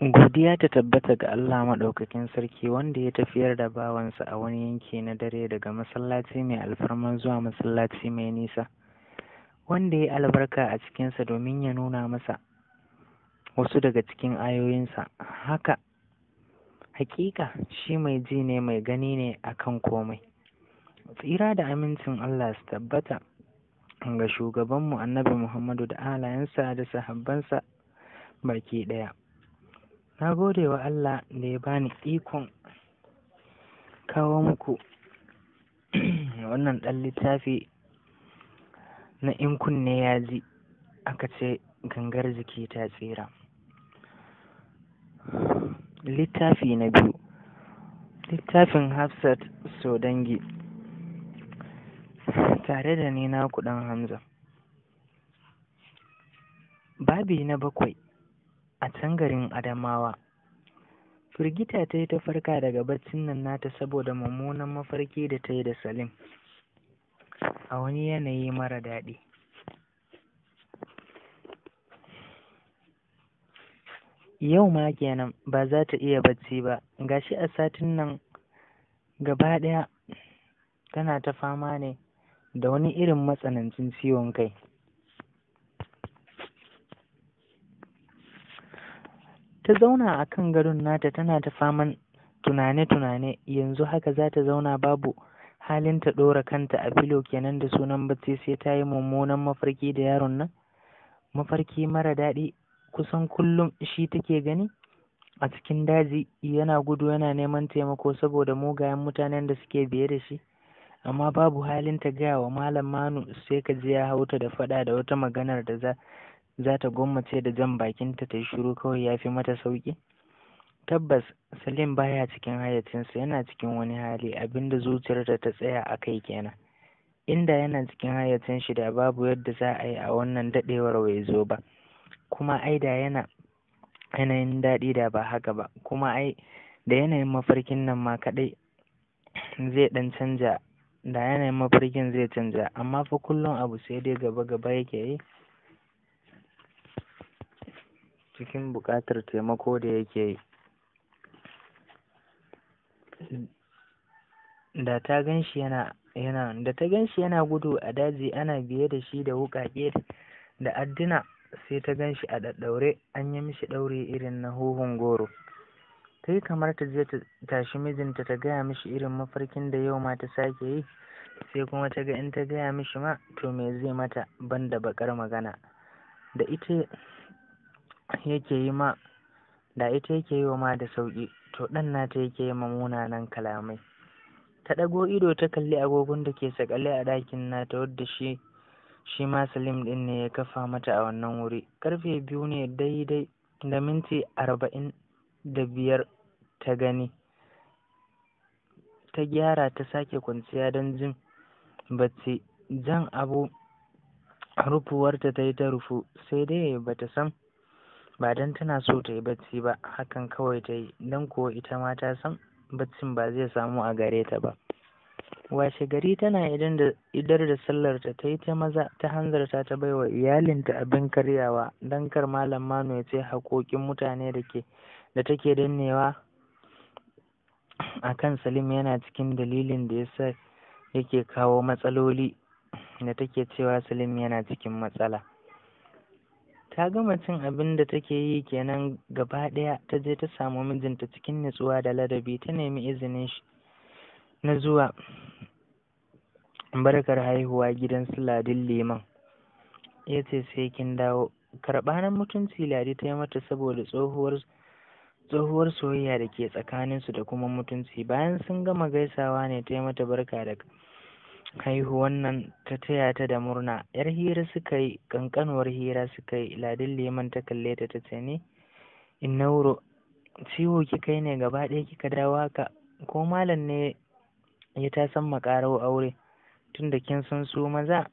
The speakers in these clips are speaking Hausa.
Godiya ta tabbata ga Allah maɗaukakin sarki wanda ya tafiyar da bawansa a wani yanki na dare daga masallaci mai alfarma zuwa masallaci mai nisa, wanda ya albarka a cikinsa domin ya nuna masa wasu daga cikin ayoyinsa. Haka, hakika shi mai ji ne mai gani ne a kan komai. Tsira da amincin Allah su tabbata ga shugabanmu annabi Muhammadu da alayensa da sahabbansa baki ɗaya. na gode wa Allah da ya bani ikon kawo muku wannan ɗan littafi na in kunne ya ji aka ce gangar jiki ta tsira littafi na biyu littafin hafsat sodangi tare da ni na kuɗin hamza babi na bakwai a can garin Adamawa. Firgita ta yi ta farka daga baccin nan nata saboda mummunan mafarki da ta yi da Salim a wani yanayi mara daɗi. Yau ma kenan ba za ta iya bacci ba, gashi a satin nan gaba ɗaya tana ta fama ne da wani irin matsanancin ciwon kai. ta zauna a kan gadon nata tana ta faman tunane-tunane yanzu haka za ta zauna babu halin ta ɗora kanta a filo kenan da sunan bacci sai ta yi mummunan mafarki da yaron nan mafarki mara daɗi kusan kullum shi take gani a cikin daji yana gudu yana neman taimako saboda mugayen mutanen da suke biye da shi amma babu halin ta gaya wa malam manu sai ka ji ya hauta da faɗa da wata maganar da za za ta gwammace da jan bakinta ta yi shiru kawai ya fi mata sauƙi tabbas salim baya cikin hayyacinsa yana cikin wani hali abinda zuciyar da ta tsaya a kai kenan inda yana cikin hayyacin shi da babu yadda za a yi a wannan daɗewar waizo zo ba kuma ai da yana yanayin daɗi da ba haka ba kuma ai da yanayin mafarkin nan ma kaɗai zai ɗan canja da yanayin mafarkin zai canja amma fa kullum abu sai dai gaba gaba yake yi cikin buƙatar taimako da yake yi da ta gan shi yana yana da ta gan shi yana gudu a daji ana biye da shi da wuƙaƙe da adduna sai ta gan shi a ɗaɗɗaure an yi mishi ɗaure irin na huhun goro ta yi kamar ta je ta tashi mijinta ta gaya mishi irin mafarkin da yau ma ta sake yi sai kuma ta ga in ta gaya mishi ma to me zai mata ban da baƙar magana da ita yake yi ma da ita yake yi wa ma da sauƙi to ɗan nata yake yi ma munanan kalamai ta ɗago ido ta kalli agogon da ke sakale a ɗakin nata wadda shi shi ma salim ɗin ne ya kafa mata a wannan wuri ƙarfe biyu ne daidai da minti arba'in da biyar ta gani ta gyara ta sake kwanciya don jin bacci jan abu rufuwarta ta yi ta rufu sai dai bata san ba don tana so ta yi bacci ba hakan kawai ta yi don kuwa ita ma ta san baccin ba zai samu a gare ta ba washe gari tana idar da sallar ta ta yi ta maza ta hanzarta ta baiwa iyalinta abin karyawa don kar malam manu ya ce haƙoƙin mutane da ke da take dannewa a kan salim yana cikin dalilin da ya sa yake kawo matsaloli da take cewa salim yana cikin matsala ta gama cin abin da take yi kenan gaba ɗaya ta je ta samu mijinta cikin nutsuwa da ladabi ta nemi izinin shi na zuwa barkar haihuwa gidan su ladin liman ya ce sai kin dawo karɓa mutunci ladi ta yi mata saboda tsohuwar tsohuwar soyayya da ke tsakaninsu da kuma mutunci bayan sun gama gaisawa ne ta yi mata barka da haihuwan nan ta taya ta da murna yar hira suka yi ƙanƙanuwar hira suka yi ladin liman ta kalle ta ta ce ne in ciwo kika yi ne gaba ɗaya kika dawo haka ko malam ne ya ta san makarau aure tun da kin san su maza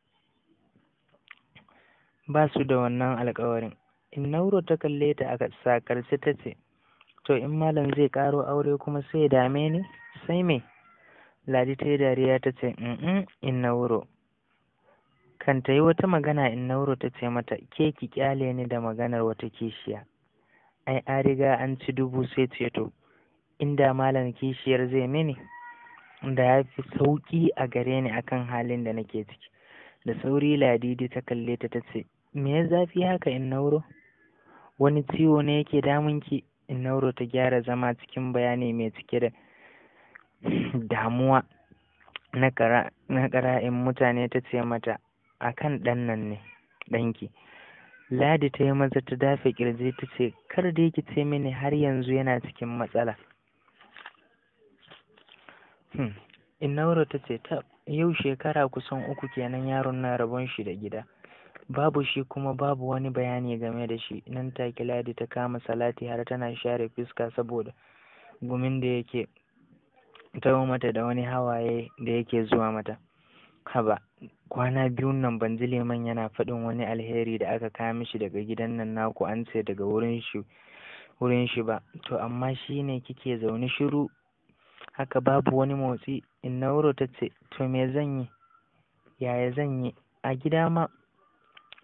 ba su da wannan alkawarin in ta kalle ta a sakarci ta ce to in malam zai ƙaro aure kuma sai dame ni sai me Ladi ta yi dariya ta ce, "Mm in nauro." Kan ta yi wata magana in nauro ta ce mata, "Ke ki kyale ni da maganar wata kishiya." Ai, an riga an ci dubu sai ceto, inda malam kishiyar zai mini, da ya fi sauƙi a gare ni akan halin da nake ciki. Da sauri Ladidi ta kalle ta ta ce, "Me ya zafi haka in nauro?" Wani ciwo ne yake damunki?" In nauro ta gyara zama cikin bayani mai cike da damuwa na kara'in mutane ta ce mata a kan ɗannan ne ɗanki ladi ta yi maza ta dafe ƙirji ta ce kar da ki ce mini har yanzu yana cikin matsala hmm. inauro ta ce ta yau shekara kusan uku kenan yaron na rabon shi da gida babu shi kuma babu wani bayani game da shi nan take ladi ta kama salati har tana share fuska saboda gumin da yake taho mata da wani hawaye da yake zuwa mata haba kwana biyun nan ban ji leman yana faɗin wani alheri da aka kawo mishi daga gidan nan naku an sai daga wurin shi ba to amma shi ne kike zaune shiru haka babu wani motsi wuro ta ce to me zan yi yaya zan yi a gida ma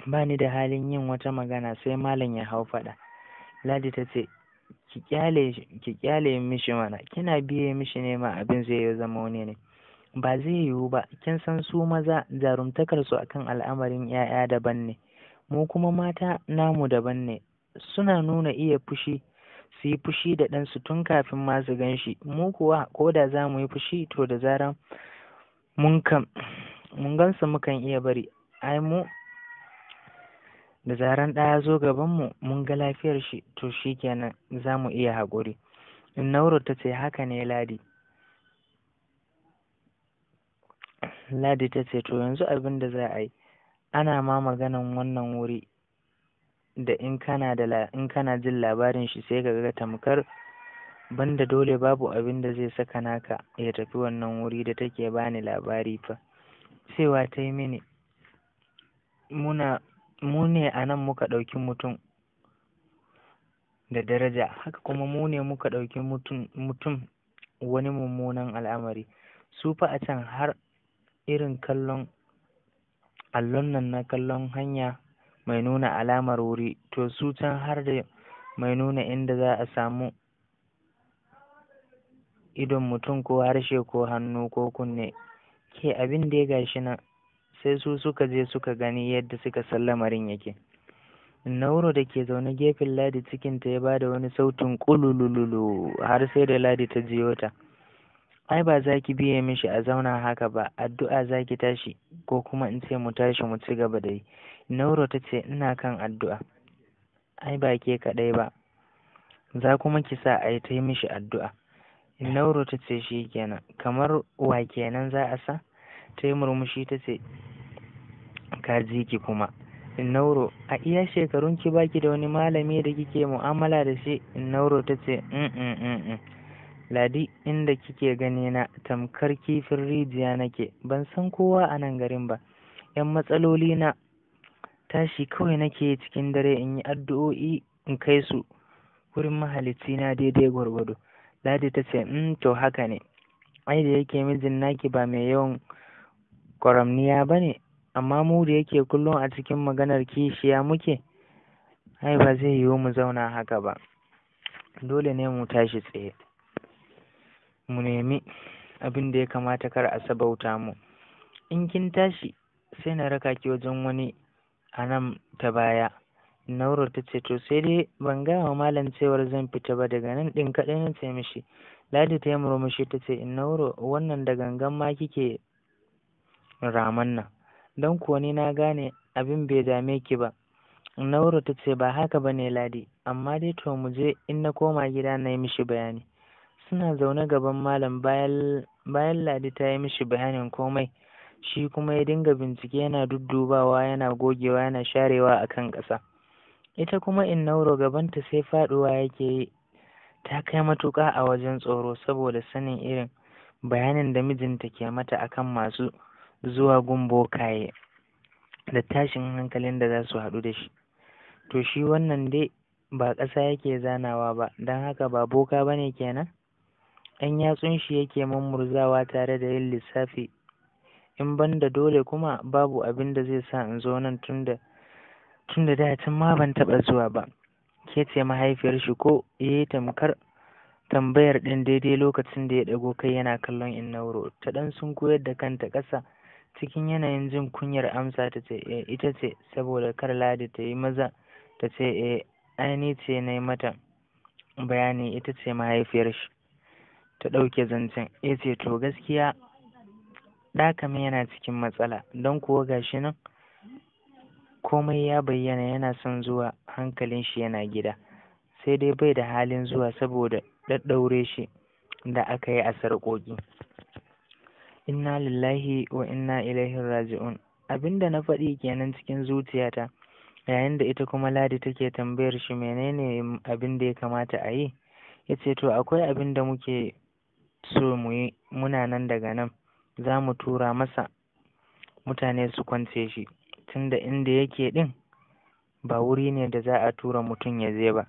ba ni da halin yin wata magana sai malam ya hau faɗa ladi ta ce ki kyale ki kyale mishi mana kina biye mishi ne ma abin zai yi zama wani ne ba zai yiwu ba kin san su maza jarumtakar su akan al'amarin 'ya'ya daban ne mu kuma mata namu daban ne suna nuna iya fushi su yi fushi da ɗansu tun kafin ma su gan shi mu kuwa ko da za mu yi fushi to da zaran mun kan mun gansu mukan iya bari ai mu da zaran ɗaya zo zo gabanmu mun ga lafiyar shi to shi kenan za mu iya haƙuri nauro ta ce haka ne ladi ladi ta ce to yanzu abin da za a yi ana ma maganan wannan wuri da in kana da in jin labarin shi sai ka ga tamkar banda dole babu abin da zai saka naka ya tafi wannan wuri da take bani labari fa cewa ta yi mini muna mu ne a nan muka ɗauki mutum da daraja haka kuma mu ne muka ɗauki mutum wani mummunan al'amari su fa a can har irin kallon allon nan na kallon hanya mai nuna alamar wuri to su can har da mai nuna inda za a samu idon mutum ko harshe ko hannu ko kunne ke abin da ya gashi nan sai su suka je suka gani yadda suka san lamarin yake nauro da ke zaune gefen ladi cikinta ya ba da wani sautin kulululu har sai da ladi ta jiyo ta ai ba za ki biye mishi a zauna haka ba addu'a za ki tashi ko kuma in ce mu tashi mu ci gaba da yi nauro ta ce ina kan addu'a ai ba ke kaɗai ba za kuma ki sa a yi ta yi mishi addu'a nauro ta ce shi kenan kamar wa kenan za a sa ta yi murmushi ta ce ka ji ki kuma Nauro a iya shekarun ki baki da wani malami da kike mu'amala da shi Nauro ta ce mm, mm, mm, Ladi inda kike gani na tamkar kifin rijiya nake ban san kowa a nan garin ba yan matsaloli na tashi kawai nake cikin dare in yi addu'o'i in kai su wurin mahalicci na daidai gwargwado Ladi ta ce to haka ne ai da yake mijin naki ba mai yawan kwaramniya ba ne amma mu da yake kullum a cikin maganar kishiya muke ai ba zai yiwu mu zauna haka ba dole ne mu tashi tsaye mu nemi abin da ya kamata kar a sabauta mu in kin tashi sai na raka ki wajen wani a nan ta baya Nauro ta ce to sai dai ban gaya wa malam cewar zan fita ba daga nan ɗin kaɗai na ce mishi Ladi ta yi murmushi ta ce Nauro wannan da gangan ma kike raman nan don kuwa ni na gane abin bai dame ki ba Nauro ta ce ba haka ba ne ladi amma dai to mu je in na koma gida na yi mishi bayani suna zaune gaban malam bayan ladi ta yi mishi bayanin komai shi kuma ya dinga bincike yana duddubawa yana gogewa yana sharewa a kan ƙasa ita kuma in nauro gabanta sai faɗuwa yake yi ta kai matuƙa a wajen tsoro saboda sanin irin bayanin da mijinta ke mata akan masu zuwa gun bokaye da tashin hankalin da za su haɗu da shi to shi wannan dai ba ƙasa yake zanawa ba don haka ba boka ba ne kenan ɗan yatsun shi yake mummurzawa tare da yin lissafi in ban da dole kuma babu abin da zai sa in zo nan tun da datin ma ban taɓa zuwa ba ke ce mahaifiyar shi ko ya eh, yi tamkar tambayar ɗin daidai lokacin da ya ɗago kai yana kallon in nauro ta ɗan sun koyar da kanta ƙasa cikin yanayin jin kunyar amsa ta ce eh ita ce saboda kar ladi ta yi maza ta ce eh aini ce na yi mata bayani ita ce mahaifiyar shi ta ɗauke zancen ya ce to gaskiya ɗakame yana cikin matsala don kuwa gashi nan komai ya bayyana yana son zuwa hankalin shi yana gida sai dai bai da halin zuwa saboda ɗaɗɗaure shi da aka yi a sarƙoƙi inna lillahi wa inna ilaihi raji'un abinda na faɗi kenan cikin zuciyata yayin da ita kuma ladi take tambayar shi menene abin da ya kamata a yi ya to akwai abin da muke so mu yi muna nan daga nan za mu tura masa mutane su kwance shi tunda inda yake din, ba wuri ne da za a tura mutum ya je ba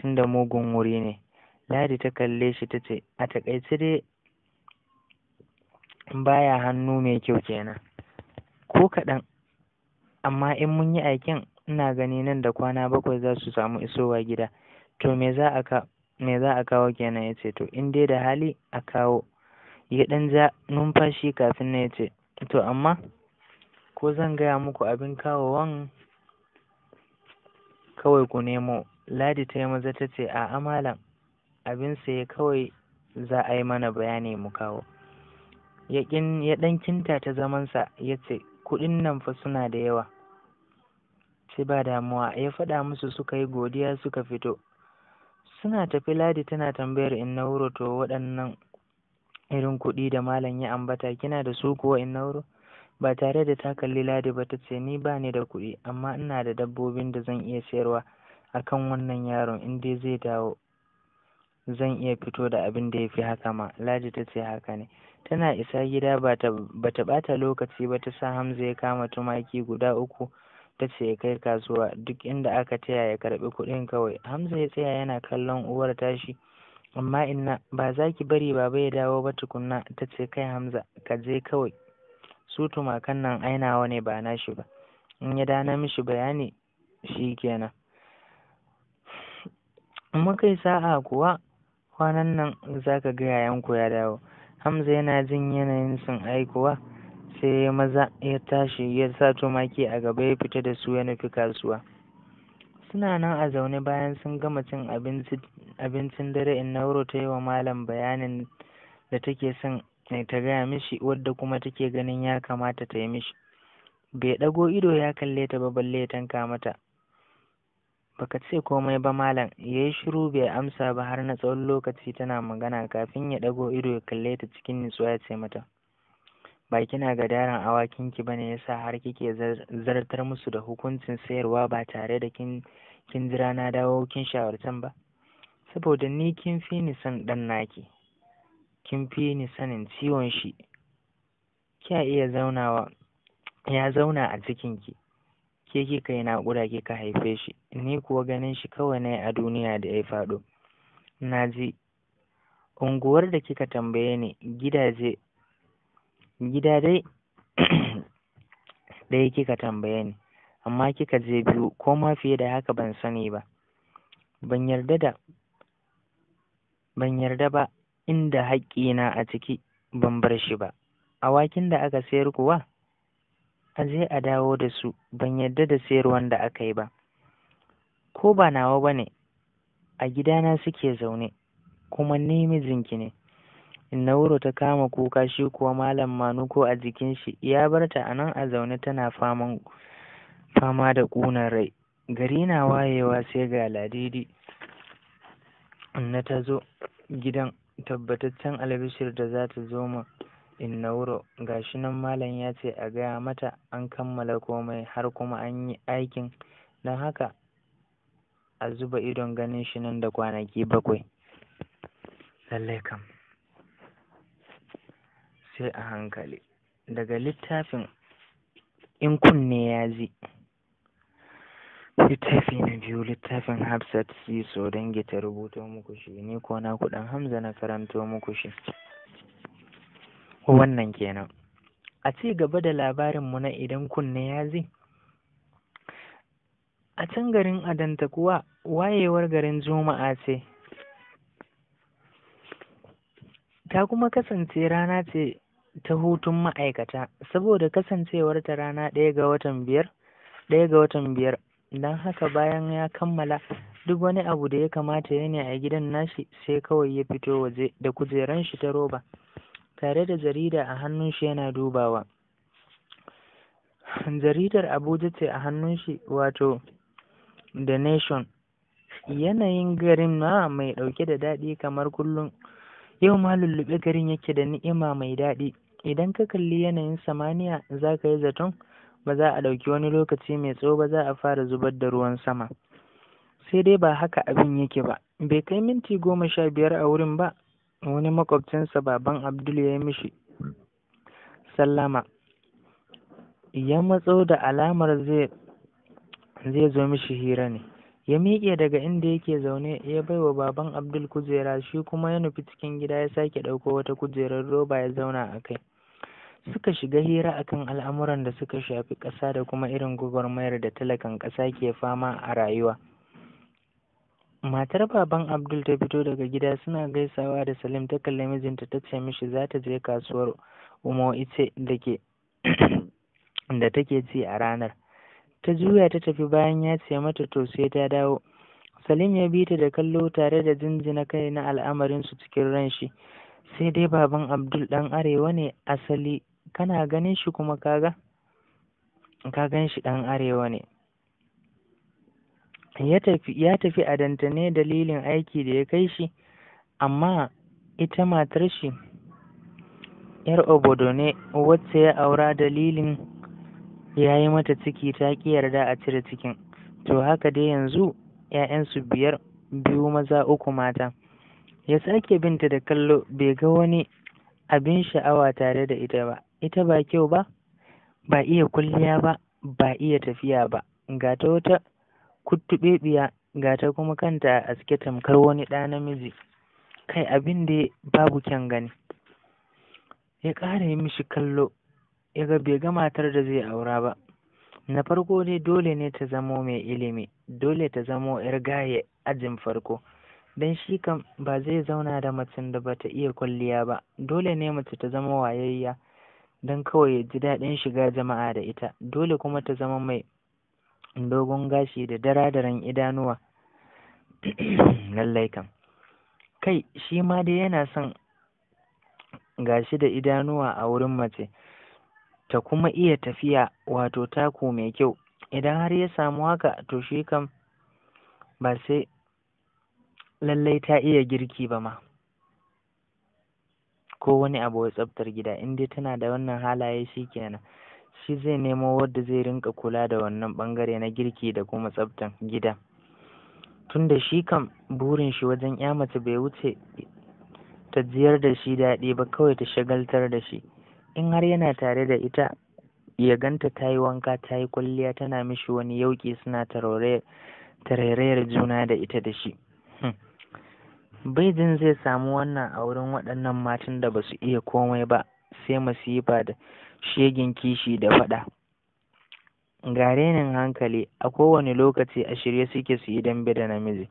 tunda mugun wuri ne ladi ta kalle shi ta ce a takaice dai baya hannu mai kyau kenan ko kaɗan amma in mun yi aikin ina gani nan da kwana bakwai za su samu isowa gida to me za a ka me za a kawo kenan ya ce to in dai da hali a kawo ya ɗan ja numfashi kafin na ya ce to amma ko zan gaya muku abin kawowan kawai ku nemo ladi ta yi maza ta ce a'a malam abin sai kawai za a yi mana bayani mu kawo ya ɗan kinta ta zamansa ya ce kuɗin nan fa suna da yawa sai ba damuwa ya faɗa musu suka yi godiya suka fito suna tafi ladi tana tambayar in nauro to waɗannan irin kuɗi da malam ya ambata kina da su kuwa in nauro ba tare da ta kalli ladi ba ta ce ni ba ni da kuɗi amma ina da dabbobin da zan iya sayarwa akan wannan yaron in dai zai dawo zan iya fito da abin da ya fi haka ma ladi ta ce haka ne tana isa gida ba ta ɓata lokaci ba ta sa hamza ya kama tumaki guda uku ta ce ya kai kasuwa duk inda aka taya ya karbi kuɗin kawai hamza ya tsaya yana kallon uwar tashi amma inna ba za ki bari baba ya dawo ba tukunna ta ce kai hamza ka je kawai su tumakan nan ainawa ne ba nashi ba in ya dana mishi bayani shi kenan muka yi sa'a kuwa kwanan nan za ka ga yayanku ya dawo Hamza yana jin yanayin sun aikuwa sai ya maza ya tashi ya sa tumaki a gaba ya fita da su ya nufi kasuwa. Suna nan a zaune bayan sun gama cin abincin dare in nauro ta yi wa malam bayanin da take son ta gaya mishi wadda kuma take ganin ya kamata ta yi mishi. Bai ɗago ido ya kalle ta ba balle ya tanka mata. Baka ce komai ba malam, ya yi shiru bai amsa ba har na tsawon lokaci tana magana kafin ya ɗago ido ya kalle ta cikin nutsuwa ya ce mata. Ba kina ga daren awakinki ba ne yasa har kike zartar musu da hukuncin sayarwa ba tare da kin jira na dawo kin shawartan ba? Saboda ni kin fi ni son ɗan naki, kin fi ni sanin ciwon shi, kya iya zaunawa ya zauna a cikinki. ke kika yi ke kika haife shi ni kuwa ganin shi kawai na a duniya da ya faɗo na ji unguwar da kika tambaye ni gida dai ɗaya kika tambaye ni amma kika je biyu ko ma fiye da haka ban sani ba ban yarda ban yarda ba inda haƙƙina a ciki ban bar shi ba awakin da aka sayar kuwa a je a dawo da su ban yarda da sayarwan da aka yi ba ko ba nawa ba ne a gidana suke zaune kuma ni mijinki ne Nauro ta kama kuka shi kuwa Malam ko a jikin shi ya bar ta a a zaune tana faman fama da ƙunar rai. Gari na wayewa sai ga ladidi na ta zo gidan tabbataccen albishir da za ta zo ma ga shi nan malam ya ce a gaya mata an kammala komai har kuma an yi aikin don haka a zuba idon ganin shi nan da kwanaki bakwai lallai kam sai a hankali daga littafin in kunne ya ji littafi na biyu littafin hafsat si so dangi ta rubuto muku shi ni ko na kuɗin hamza na karanto muku shi wannan kenan a ci gaba da labarinmu na idan kunne ya zai a can garin adanta kuwa wayewar garin juma'a ce ta kuma kasance rana ce ta hutun ma'aikata saboda kasancewarta rana ɗaya ga watan biyar ɗaya ga watan biyar don haka bayan ya kammala duk wani abu da ya kamata ya ne a gidan nashi sai kawai ya fito waje da kujeran shi ta roba tare da jarida a hannun shi yana dubawa jaridar abuja ce a hannun shi wato the nation yanayin garin na mai ɗauke da daɗi kamar kullum yau ma lullube garin yake da ni'ima mai daɗi idan ka kalli yanayin samaniya za ka yi zaton ba za a ɗauki wani lokaci mai tsawo ba za a fara zubar da ruwan sama sai dai ba haka abin yake ba bai kai minti goma sha biyar a wurin ba wani makwabcinsa baban Abdul ya yi mishi sallama ya matso da alamar zai zo mishi hira ne ya miƙe daga inda yake zaune ya baiwa baban Abdul kujera shi kuma ya nufi cikin gida ya sake ɗauko wata kujerar roba ya zauna a kai suka shiga hira a kan al'amuran da suka shafi ƙasa da kuma irin gwagwarmayar da talakan ƙasa ke fama a rayuwa Matar baban Abdul ta fito daga gida suna gaisawa da Salim ta kalli mijinta ta ce mishi za ta je kasuwar Umo Ice da ke da take ci a ranar. Ta juya ta tafi bayan ya ce mata to sai ta dawo. Salim ya bi ta da kallo tare da jinjina kai na al'amarin su cikin ran shi. Sai dai baban Abdul dan arewa ne asali kana ganin shi kuma kaga ka gan shi dan arewa ne. ya tafi a dantane dalilin aiki da ya kai shi amma ita matar shi yar obodo ne wacce ya aura dalilin ya yi mata ciki ta ƙi yarda a cire cikin to haka dai yanzu 'ya'yansu biyar biyu maza uku mata ya sake binta da kallo bai ga wani abin sha'awa tare da ita ba ita ba kyau ba ba iya kulliya ba ba iya tafiya ba ga ta wata kuttuɓeɓiya ga ta kuma kanta a aske tamkar wani ɗa namiji kai abin dai babu kyan gani ya ƙara yi mishi kallo ya ga bai ga matar da zai aura ba na farko dai dole ne ta zamo mai ilimi dole ta zamo yar gaye ajin farko don shi kam ba zai zauna da macen da bata iya kwalliya ba dole ne mace ta zama wayayya don kawai ya ji daɗin shiga jama'a da ita dole kuma ta zama mai dogon gashi da daradaran idanuwa lallai kam kai shi ma dai yana son gashi da idanuwa a wurin mace ta kuma iya tafiya wato taku mai kyau idan har ya samu haka to shi kam ba sai lallai ta iya girki ba ma ko wani abu tsaftar gida in tana da wannan halaye shi kenan shi zai nemo wadda zai rinka kula da wannan ɓangare na girki da kuma tsaftan gida tunda shi kan burin shi wajen ya mace bai wuce ta jiyar da shi daɗi ba kawai ta shagaltar da shi in har yana tare da ita ya ganta ta yi wanka ta yi kwalliya tana mishi wani yauƙi suna tarairayar juna da ita da shi hmm. baijin zai samu wannan a wurin waɗannan matan da ba su iya komai ba sai masifa da Shegin kishi da faɗa ga renin hankali a kowane lokaci a shirye suke su yi dambe da namiji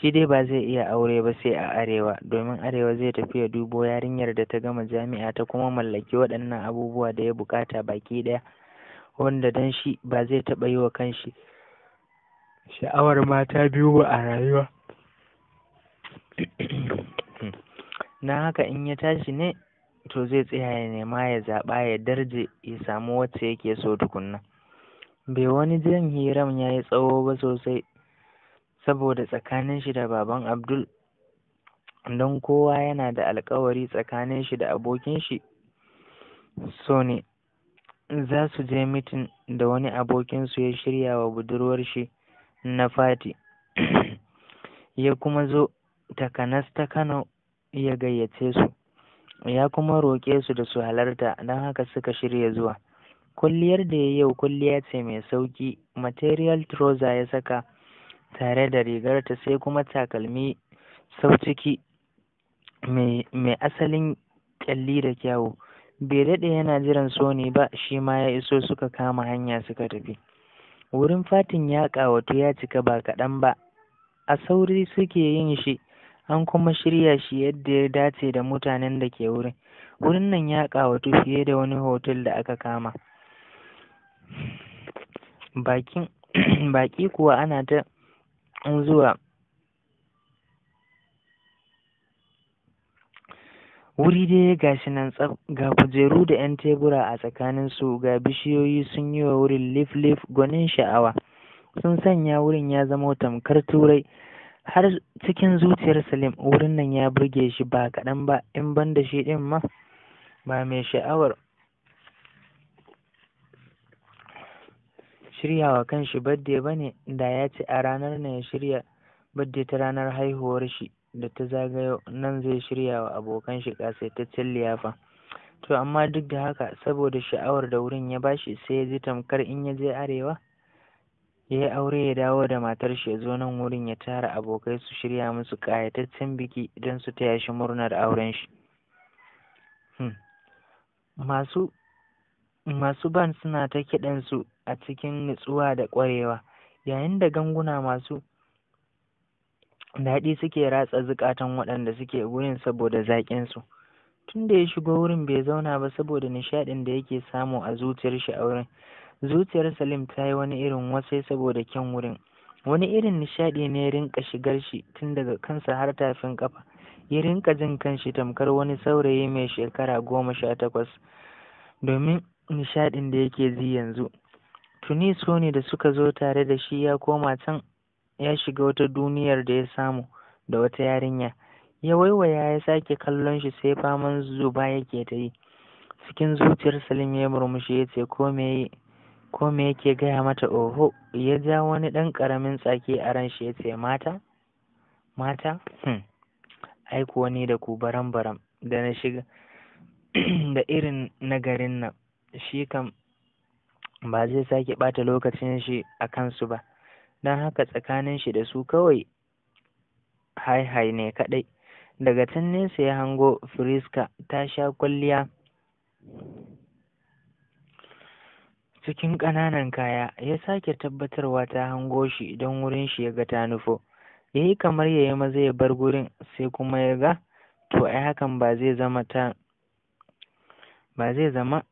shi dai ba zai iya aure ba sai a arewa domin arewa zai tafi ya dubo yarinyar da ta gama jami'a ta kuma mallaki waɗannan abubuwa da ya bukata baki ɗaya wanda dan shi ba zai taɓa yi wa kanshi sha'awar mata biyu ba a rayuwa na haka in ya tashi ne to zai tsaya ya nema ya zaɓa ya darje ya samu wacce yake so tukunna bai wani jan hiram ya yi tsawo ba sosai saboda tsakanin shi da baban abdul don kowa yana da alkawari tsakanin shi da abokin shi so ne za su je mitin da wani abokinsu ya shirya wa budurwar shi na fati ya kuma zo takanas ta kano ya gayyace su ya kuma roƙe su da su halarta don haka suka shirya zuwa Kulliyar da ya yi yau kulliya ce mai sauƙi material trouser ya saka tare da rigarta sai kuma takalmi sau mai asalin ƙyalli da kyawu bai daɗe yana jiran soni ba shi ma ya iso suka kama hanya suka tafi wurin fatin ya ƙawatu ya cika ba kaɗan ba a sauri suke yin shi an kuma shirya shi yadda ya dace da mutanen da ke wurin wurin nan ya ƙawatu fiye da wani hotel da aka kama Baki baƙi kuwa ana ta zuwa wuri dai gashi nan tsaf ga kujeru da 'yan tebura a tsakaninsu ga bishiyoyi sun yi wa wurin lif-lif gwanin sha'awa sun sanya wurin ya zama tamkar turai har cikin zuciyar Salim wurin nan ya burge shi ba kaɗan ba in ban da shi ɗin ma ba mai sha'awar shiryawa kanshi birthday ba ne da ya ci a ranar ne ya shirya birthday ta ranar haihuwar shi da ta zagayo nan zai shirya wa abokan shi ƙasaitaccen liyafa to amma duk da haka saboda sha'awar da wurin ya bashi sai ya ji tamkar in ya je arewa yi aure ya dawo da matar shi ya zo nan wurin ya tara abokai su shirya musu ƙayataccen biki don su taya shi murnar auren shi hmm. masu ban suna ta kiɗansu a cikin nutsuwa da ƙwarewa yayin da ganguna masu daɗi suke ratsa zukatan waɗanda suke wurin saboda zaƙinsu. Tunda tun da ya shigo wurin bai zauna ba saboda nishaɗin da yake samu a zuciyar shi a wurin zuciyar salim ta yi wani irin wasai saboda kyan wurin wani irin nishaɗi ne ya rinka shigar shi tun daga kansa har tafin kafa ya rinka jin kanshi tamkar wani saurayi mai shekara goma sha takwas domin nishaɗin da yake ji yanzu tuni sone da suka zo tare da shi ya koma can ya shiga wata duniyar da ya samu da wata yarinya ya waiwaya ya sake kallon shi sai faman zuba yake ta yi cikin zuciyar salim ya murmushi ya ce ko me ko me yake gaya mata oho ya ja wani ɗan ƙaramin tsaki a ran shi ya ce mata mata hmm. ai kuwa da ku baram baram da na shiga da irin na garin nan shi kam ba zai sake ɓata lokacin shi a kansu ba don haka tsakanin shi da su kawai hai-hai ne kaɗai daga can nesa ya hango friska ta sha kwalliya cikin ƙananan kaya ya sake tabbatarwa ta hango shi don wurin shi ya ga ta nufo ya yi kamar ya yi maza ya bar gurin sai kuma ya ga to ai hakan ba zai zama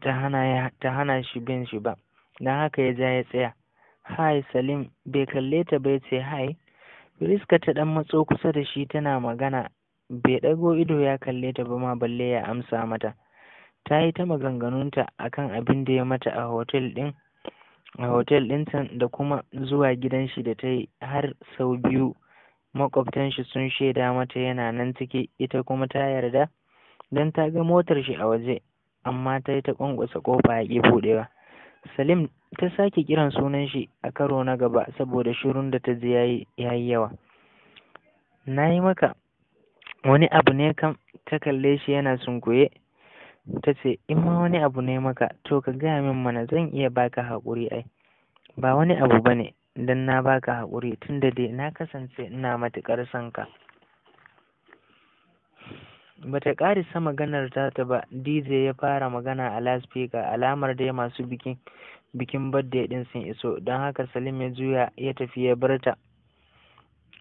ta hana shi bin shi ba don haka ya ja ya tsaya hai salim bai kalle ta bai ce hai Riska ta ɗan matso kusa da shi tana magana bai ɗago ido ya kalle ta ba ma balle ya amsa mata ta yi ta maganganunta a kan abin da ya mata a hotel ɗin a hotel da kuma zuwa gidan shi da ta yi har sau biyu makwabtan shi sun shaida mata yana nan ciki ita kuma ta yarda don ta ga motar shi a waje amma ta yi ta ƙwanƙwasa ƙofa ya ƙi buɗewa salim ta sake kiran sunan shi a karo na gaba saboda shirun da ta ji ya yi yawa na yi maka wani abu ne kam ta kalle shi yana sunkuye ta ce in ma wani abu ne maka to ka gaya min mana zan iya baka haƙuri ai ba wani abu ba ne don na baka haƙuri tun da dai na kasance ina matuƙar son ka Ba bata ƙarisa maganar ta ta ba dj ya fara magana a laspika alamar dai masu bikin bikin birthday din sun iso don haka salim ya juya ya tafi ya bar ta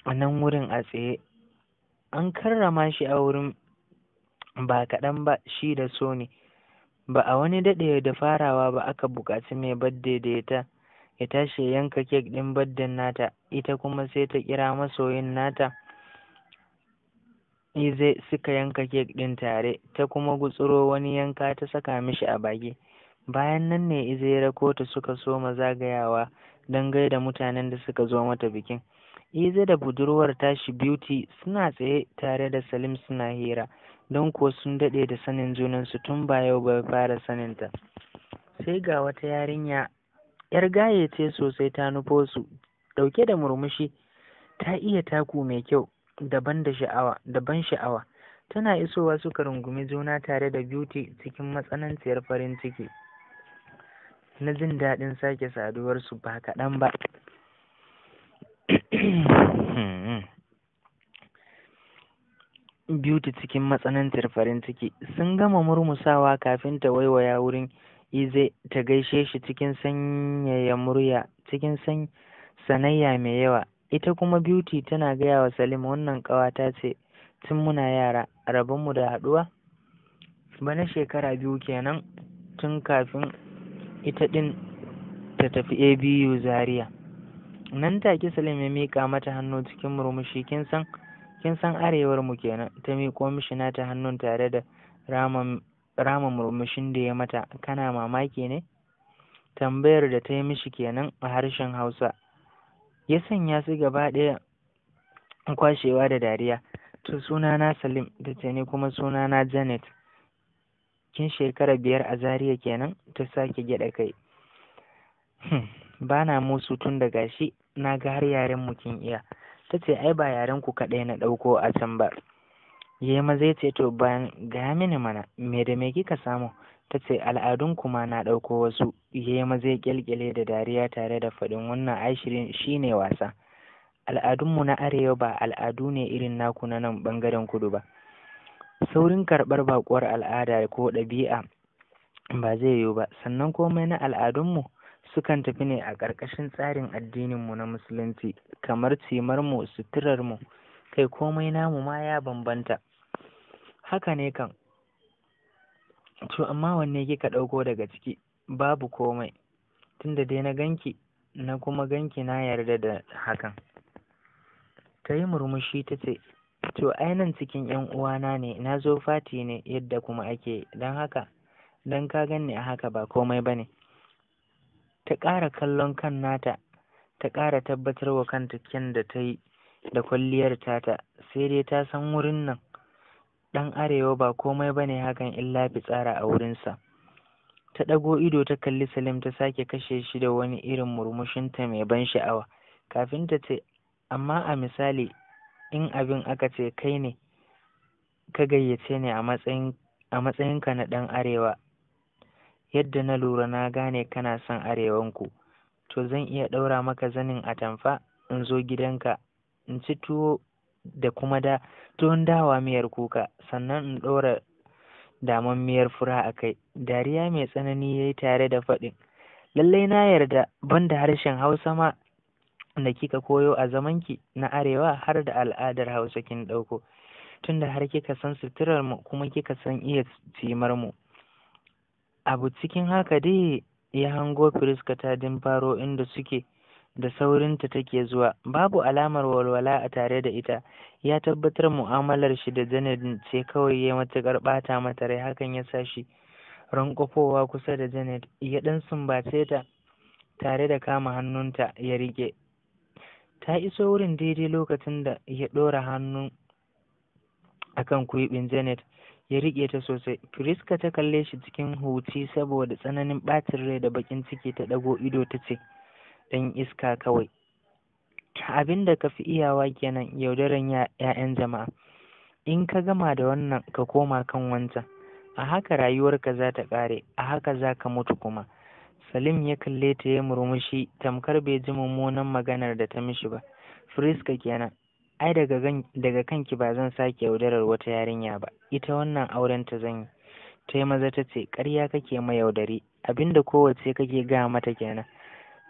a nan wurin a tsaye an karrama shi a wurin ba kaɗan ba shi da ne Ba a wani daɗe da farawa ba aka buƙaci mai badde da ya ta ya tashi yanka kek ɗin baddin nata, ita kuma sai ta kira masoyin nata izai suka yanka kek ɗin tare, ta kuma gutsuro wani yanka ta saka mishi a baki. Bayan nan ne Izera Kota suka so ma zagayawa don gaida mutanen da suka zo mata bikin. izai da budurwar tashi Beauty suna tsaye tare da Salim suna hira. don kuwa sun daɗe da sanin junansu tun ba yau ba fara saninta sai ga wata yarinya yar gaye ce sosai ta nufo su ɗauke da murmushi ta iya taku mai kyau daban da sha'awa daban sha'awa tana isowa suka rungumi juna tare da beauty cikin matsananciyar farin ciki na jin daɗin sake saduwarsu ba kaɗan ba hmm, hmm. Beauty cikin matsanantar farin ciki sun gama murmusawa kafin ta waiwaya wurin Ize ta gaishe shi cikin sanyaya murya cikin san sanayya mai yawa ita kuma Beauty tana gaya wa Salim wannan ƙawata ce tun muna yara rabonmu da haɗuwa bana shekara biyu kenan tun kafin ita ɗin ta tafi ABU Zaria nan take Salim ya mika mata hannu cikin murmushi kin san kin san arewar mu kenan ta miƙo mishi ta hannun tare da rama murmushin da ya mata kana mamaki ne tambayar da ta yi mishi kenan a harshen hausa ya sanya su gaba ɗaya kwashewa da dariya to sunana salim da ta ne kuma sunana janet kin shekara biyar a Zariya kenan ta sake gyaɗa kai hmm, ba na musu tun da gashi na ga har yaren mu kin iya ta ce ai ba yaren ku kaɗai na ɗauko a can ba ya maza ya ce to bayan gaya mini mana me da me kika samu ta ce al'adun kuma na ɗauko wasu ya maza ya kyalkyale da dariya tare da faɗin wannan Shi shine wasa al'adunmu na arewa ba al'adu ne irin naku na nan ɓangaren kudu ba saurin karɓar baƙuwar al'ada ko ɗabi'a ba zai yiwu ba sannan komai na al'adunmu sukan tafi ne a ƙarƙashin tsarin addininmu na musulunci kamar cimarmu suturarmu kai komai namu ma ya bambanta haka ne kan to amma wanne kika ɗauko daga ciki babu komai tunda dai na ganki na kuma ganki na yarda da hakan ta yi murmushi ta ce to ainihin cikin yan uwana ne na zo fati ne yadda kuma ake don haka don ka ganni a haka ba komai ba ne ta ƙara kallon kan nata ta ƙara tabbatar wa kanta kyan da ta yi da kwalliyar tata sai dai ta san wurin nan ɗan arewa ba komai ba ne hakan illa fitsara a wurinsa ta ɗago ido ta kalli salim ta sake kashe shi da wani irin murmushinta mai ban sha'awa kafin ta ce amma a misali in abin aka ce kai ne ka gayyace ni a matsayinka na ɗan arewa yadda na lura na gane kana son arewan ku to zan iya ɗaura maka zanin atamfa in zo gidanka in ci tuwo da kuma da tuwon dawa miyar kuka sannan in ɗaura ɗora miyar fura a kai dariya mai tsanani ya yi tare da faɗin lallai na yarda banda harshen hausa ma da kika koyo a zamanki na arewa har da al'adar hausa kin ɗauko tunda har kika san suturar mu kuma kika san iya cimar mu abu cikin haka dai ya hango firiskata ta dimfaro inda suke da saurinta take zuwa babu alamar walwala a tare da ita ya tabbatar mu'amalar shi da janet ce kawai ya matuƙar ɓata mata rai hakan ya sa shi rankofowa kusa da janet ya ɗan sumbace ta tare da kama hannunta ya riƙe ta iso wurin daidai lokacin da ya ɗora hannu akan kuibin janet ya riƙe ta sosai Kiriska ta kalle shi cikin huci saboda tsananin ɓacin rai da bakin ciki ta ɗago ido ta ce ɗan iska kawai abin da ka fi iyawa kenan yaudaran ‘ya'yan jama'a in ka gama da wannan ka koma kan wancan a haka rayuwarka za ta ƙare a haka za ka mutu kuma salim ya kalle ta ya murmushi tamkar bai ji mummunan maganar da ta mishi ba friska kenan ai daga daga kanki ba zan sake yaudarar wata yarinya ba ita wannan auren ta zan yi ta yi maza ta ce ƙarya kake ma yaudari abinda kowace kake ga mata kenan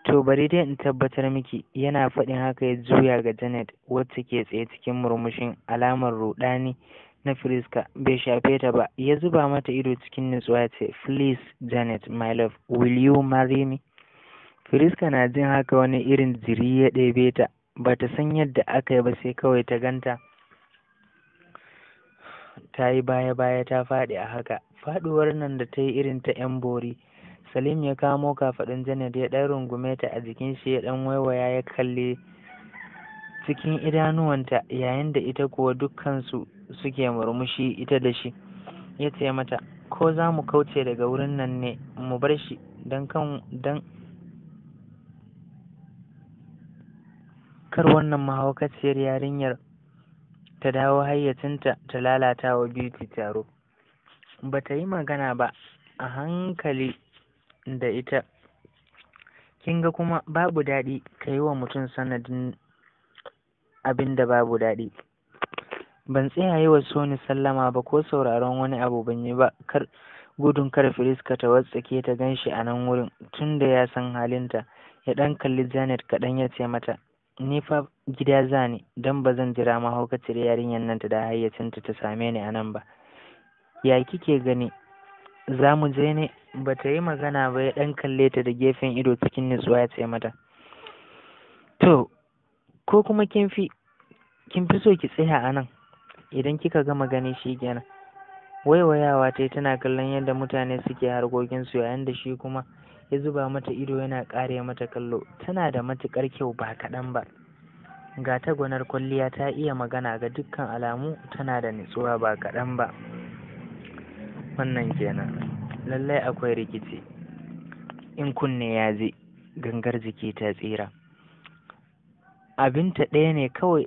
to bari dai in tabbatar miki yana faɗin haka ya juya ga janet wacce ke tsaye cikin murmushin alamar ruɗani na friska bai shafe ta ba ya zuba mata ido cikin nutsuwa ya ce please janet my love will you marry me friska na jin haka wani irin jiri ya ɗebe ta ba ta san yadda aka yi ba sai kawai ta ganta ta yi baya-baya ta faɗi a haka faɗuwar nan da ta yi irin ta 'yan bori salim ya kamo kafaɗin janet ya ɗan rungume ta a jikin shi ya ɗan waiwaya ya kalle cikin idanuwanta yayin da ita kuwa dukkansu suke murmushi ita da shi ya ce mata ko za mu kauce daga wurin nan ne mu bar shi kar wannan mahaukaciyar yarinyar ta dawo hayyacinta ta lalata wa Beauty taro. Ba ta yi magana ba a hankali da ita. Kin ga kuma babu daɗi ka yi wa mutum sanadin abin da babu daɗi. Ban tsaya yi wa Soni sallama ba ko sauraron wani abu ban yi ba kar gudun kar firiska ta watsake ta gan shi a nan wurin tun da ya san halinta ya ɗan kalli Janet kaɗan ya ce mata ni fa gida za ni don ba zan jira mahaukaciyar yarinyar nan ta da hayyacinta ta same ni a nan ba ya kike gani za mu je ne ba ta yi magana ba ya ɗan kalle ta da gefen ido cikin nutsuwa ya ce mata to ko kuma kin fi so ki tsaya a nan idan kika gama gani shi kenan waiwayawa ta yi tana kallon yadda mutane suke harkokinsu yayin da shi kuma ya zuba mata ido yana ƙare mata kallo tana da matuƙar kyau ba kaɗan ba ga tagwanar kwalliya ta iya magana ga dukkan alamu tana da nutsuwa ba kaɗan ba wannan kenan lallai akwai rikici in kunne ya ji gangar jiki ta tsira abinta ɗaya ne kawai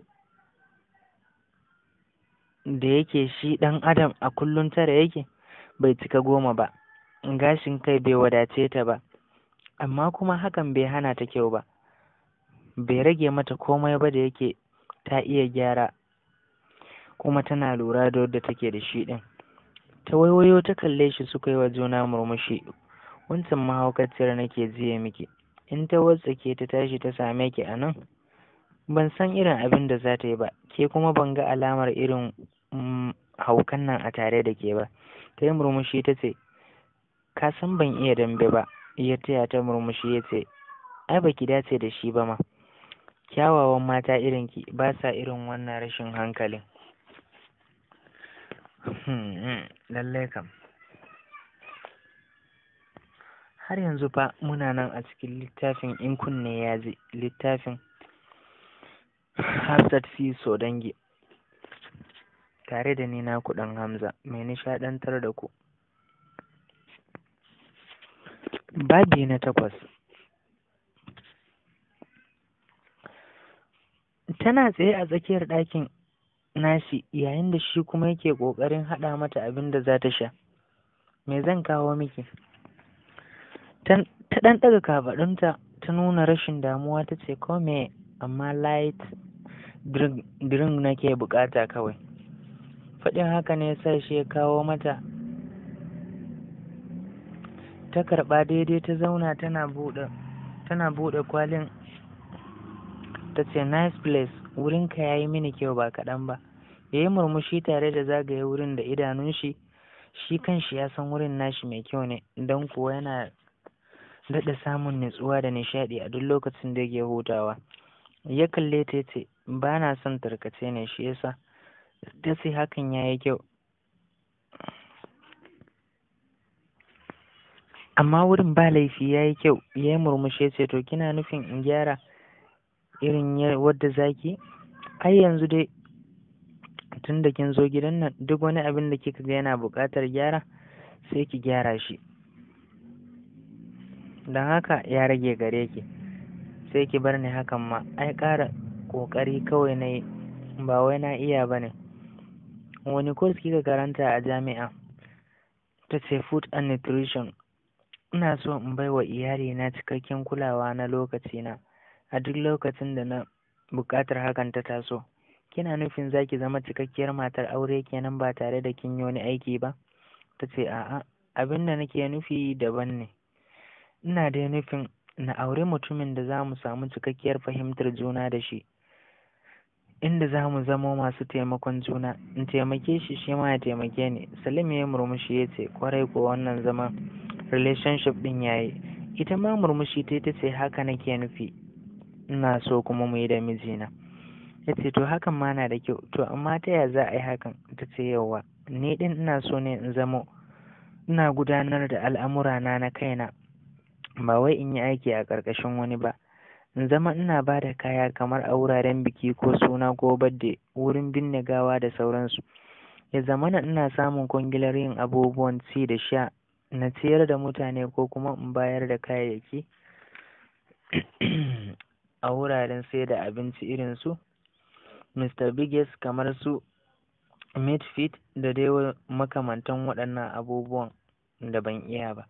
da yake shi ɗan adam a kullum tara yake bai cika goma ba gashin kai bai wadace ta ba amma kuma hakan bai hana ta kyau ba bai rage mata komai ba da yake ta iya gyara kuma tana lura da wadda take da shi din. ta waiwayo ta kalle shi suka yi wa juna murmushi wancan mahaukaciyar nake jiya miki in ta ke ta tashi ta same ki a nan ban san irin abin da za ta yi ba ke kuma ban ga alamar irin mm, haukan nan a tare da ke ba ta yi murmushi ta ce ka san ban iya dambe ba ya taya ta murmushi ya ce ai baki dace da shi ba ma kyawawan mata irin ki ba sa irin wannan rashin hankalin hmm, lallai kam har yanzu fa muna nan a cikin littafin in kunne ya ji littafin hafsat fi dangi. tare da ni na kuɗin hamza mai nishaɗantar da ku babi na takwas tana tsaye a tsakiyar ɗakin nashi yayin da shi kuma yake ƙoƙarin haɗa mata abin da za ta sha me zan kawo miki ta ɗan ɗaga kafaɗinta ta nuna rashin damuwa ta ce ko me amma light drink nake buƙata kawai faɗin haka ne sa shi ya kawo mata ta karba daidai ta zauna tana buɗe tana buɗe kwalin ta ce nice place wurinka ya yi mini kyau ba kaɗan ba ya murmushi tare da zagaye wurin da idanun shi shi kanshi ya san wurin nashi mai kyau ne don kuwa yana daɗa samun nutsuwa da nishaɗi a duk lokacin da yake hutawa ya kalle ta ce ba na son tarkace ne shi yasa ta ce hakan yayi kyau amma wurin ba laifi ya yi kyau ya yi murmushe ce to kina nufin in gyara irin wadda zaki ai yanzu dai tun da kin zo gidan nan duk wani abin da kika ga yana buƙatar gyara sai ki gyara shi don haka ya rage gare ki sai ki bar ni hakan ma ai ƙara ƙoƙari kawai na yi ba wai na iya ba ne wani kurs kika karanta a jami'a ta ce food and nutrition ina so in bai baiwa iyalina cikakken kulawa na lokaci na a duk lokacin da na buƙatar hakan ta taso kina nufin za ki zama cikakkiyar matar aure kenan ba tare da kin yi wani aiki ba ta ce a'a abin da nake nufi daban ne ina da nufin na aure mutumin da za mu samu cikakkiyar fahimtar juna da shi inda za mu zama masu taimakon juna in taimake shi shi ma ya taimake ni salim ya murmushi ya ce kwarai ko wannan zama. relationship ɗin yayi ita ma murmushi ta ta ce haka nake nufi ina so kuma mu yi da mijina ya ce to hakan ma na da kyau to amma ta ya za a yi hakan ta ce yawa ni din ina so ne in zamo ina gudanar da al'amura na kaina ba wai in yi aiki a ƙarƙashin wani ba in zama ina ba da kaya kamar a wuraren biki ko suna ko badde wurin binne gawa da sauransu ya zamana ina samun kwangilar yin abubuwan ci da sha na ciyar da mutane ko kuma in bayar da kayayyaki a wuraren sai da abinci irin su Mr. Biggest kamar su Midfit da dai makamantan waɗannan abubuwan da ban iya ba.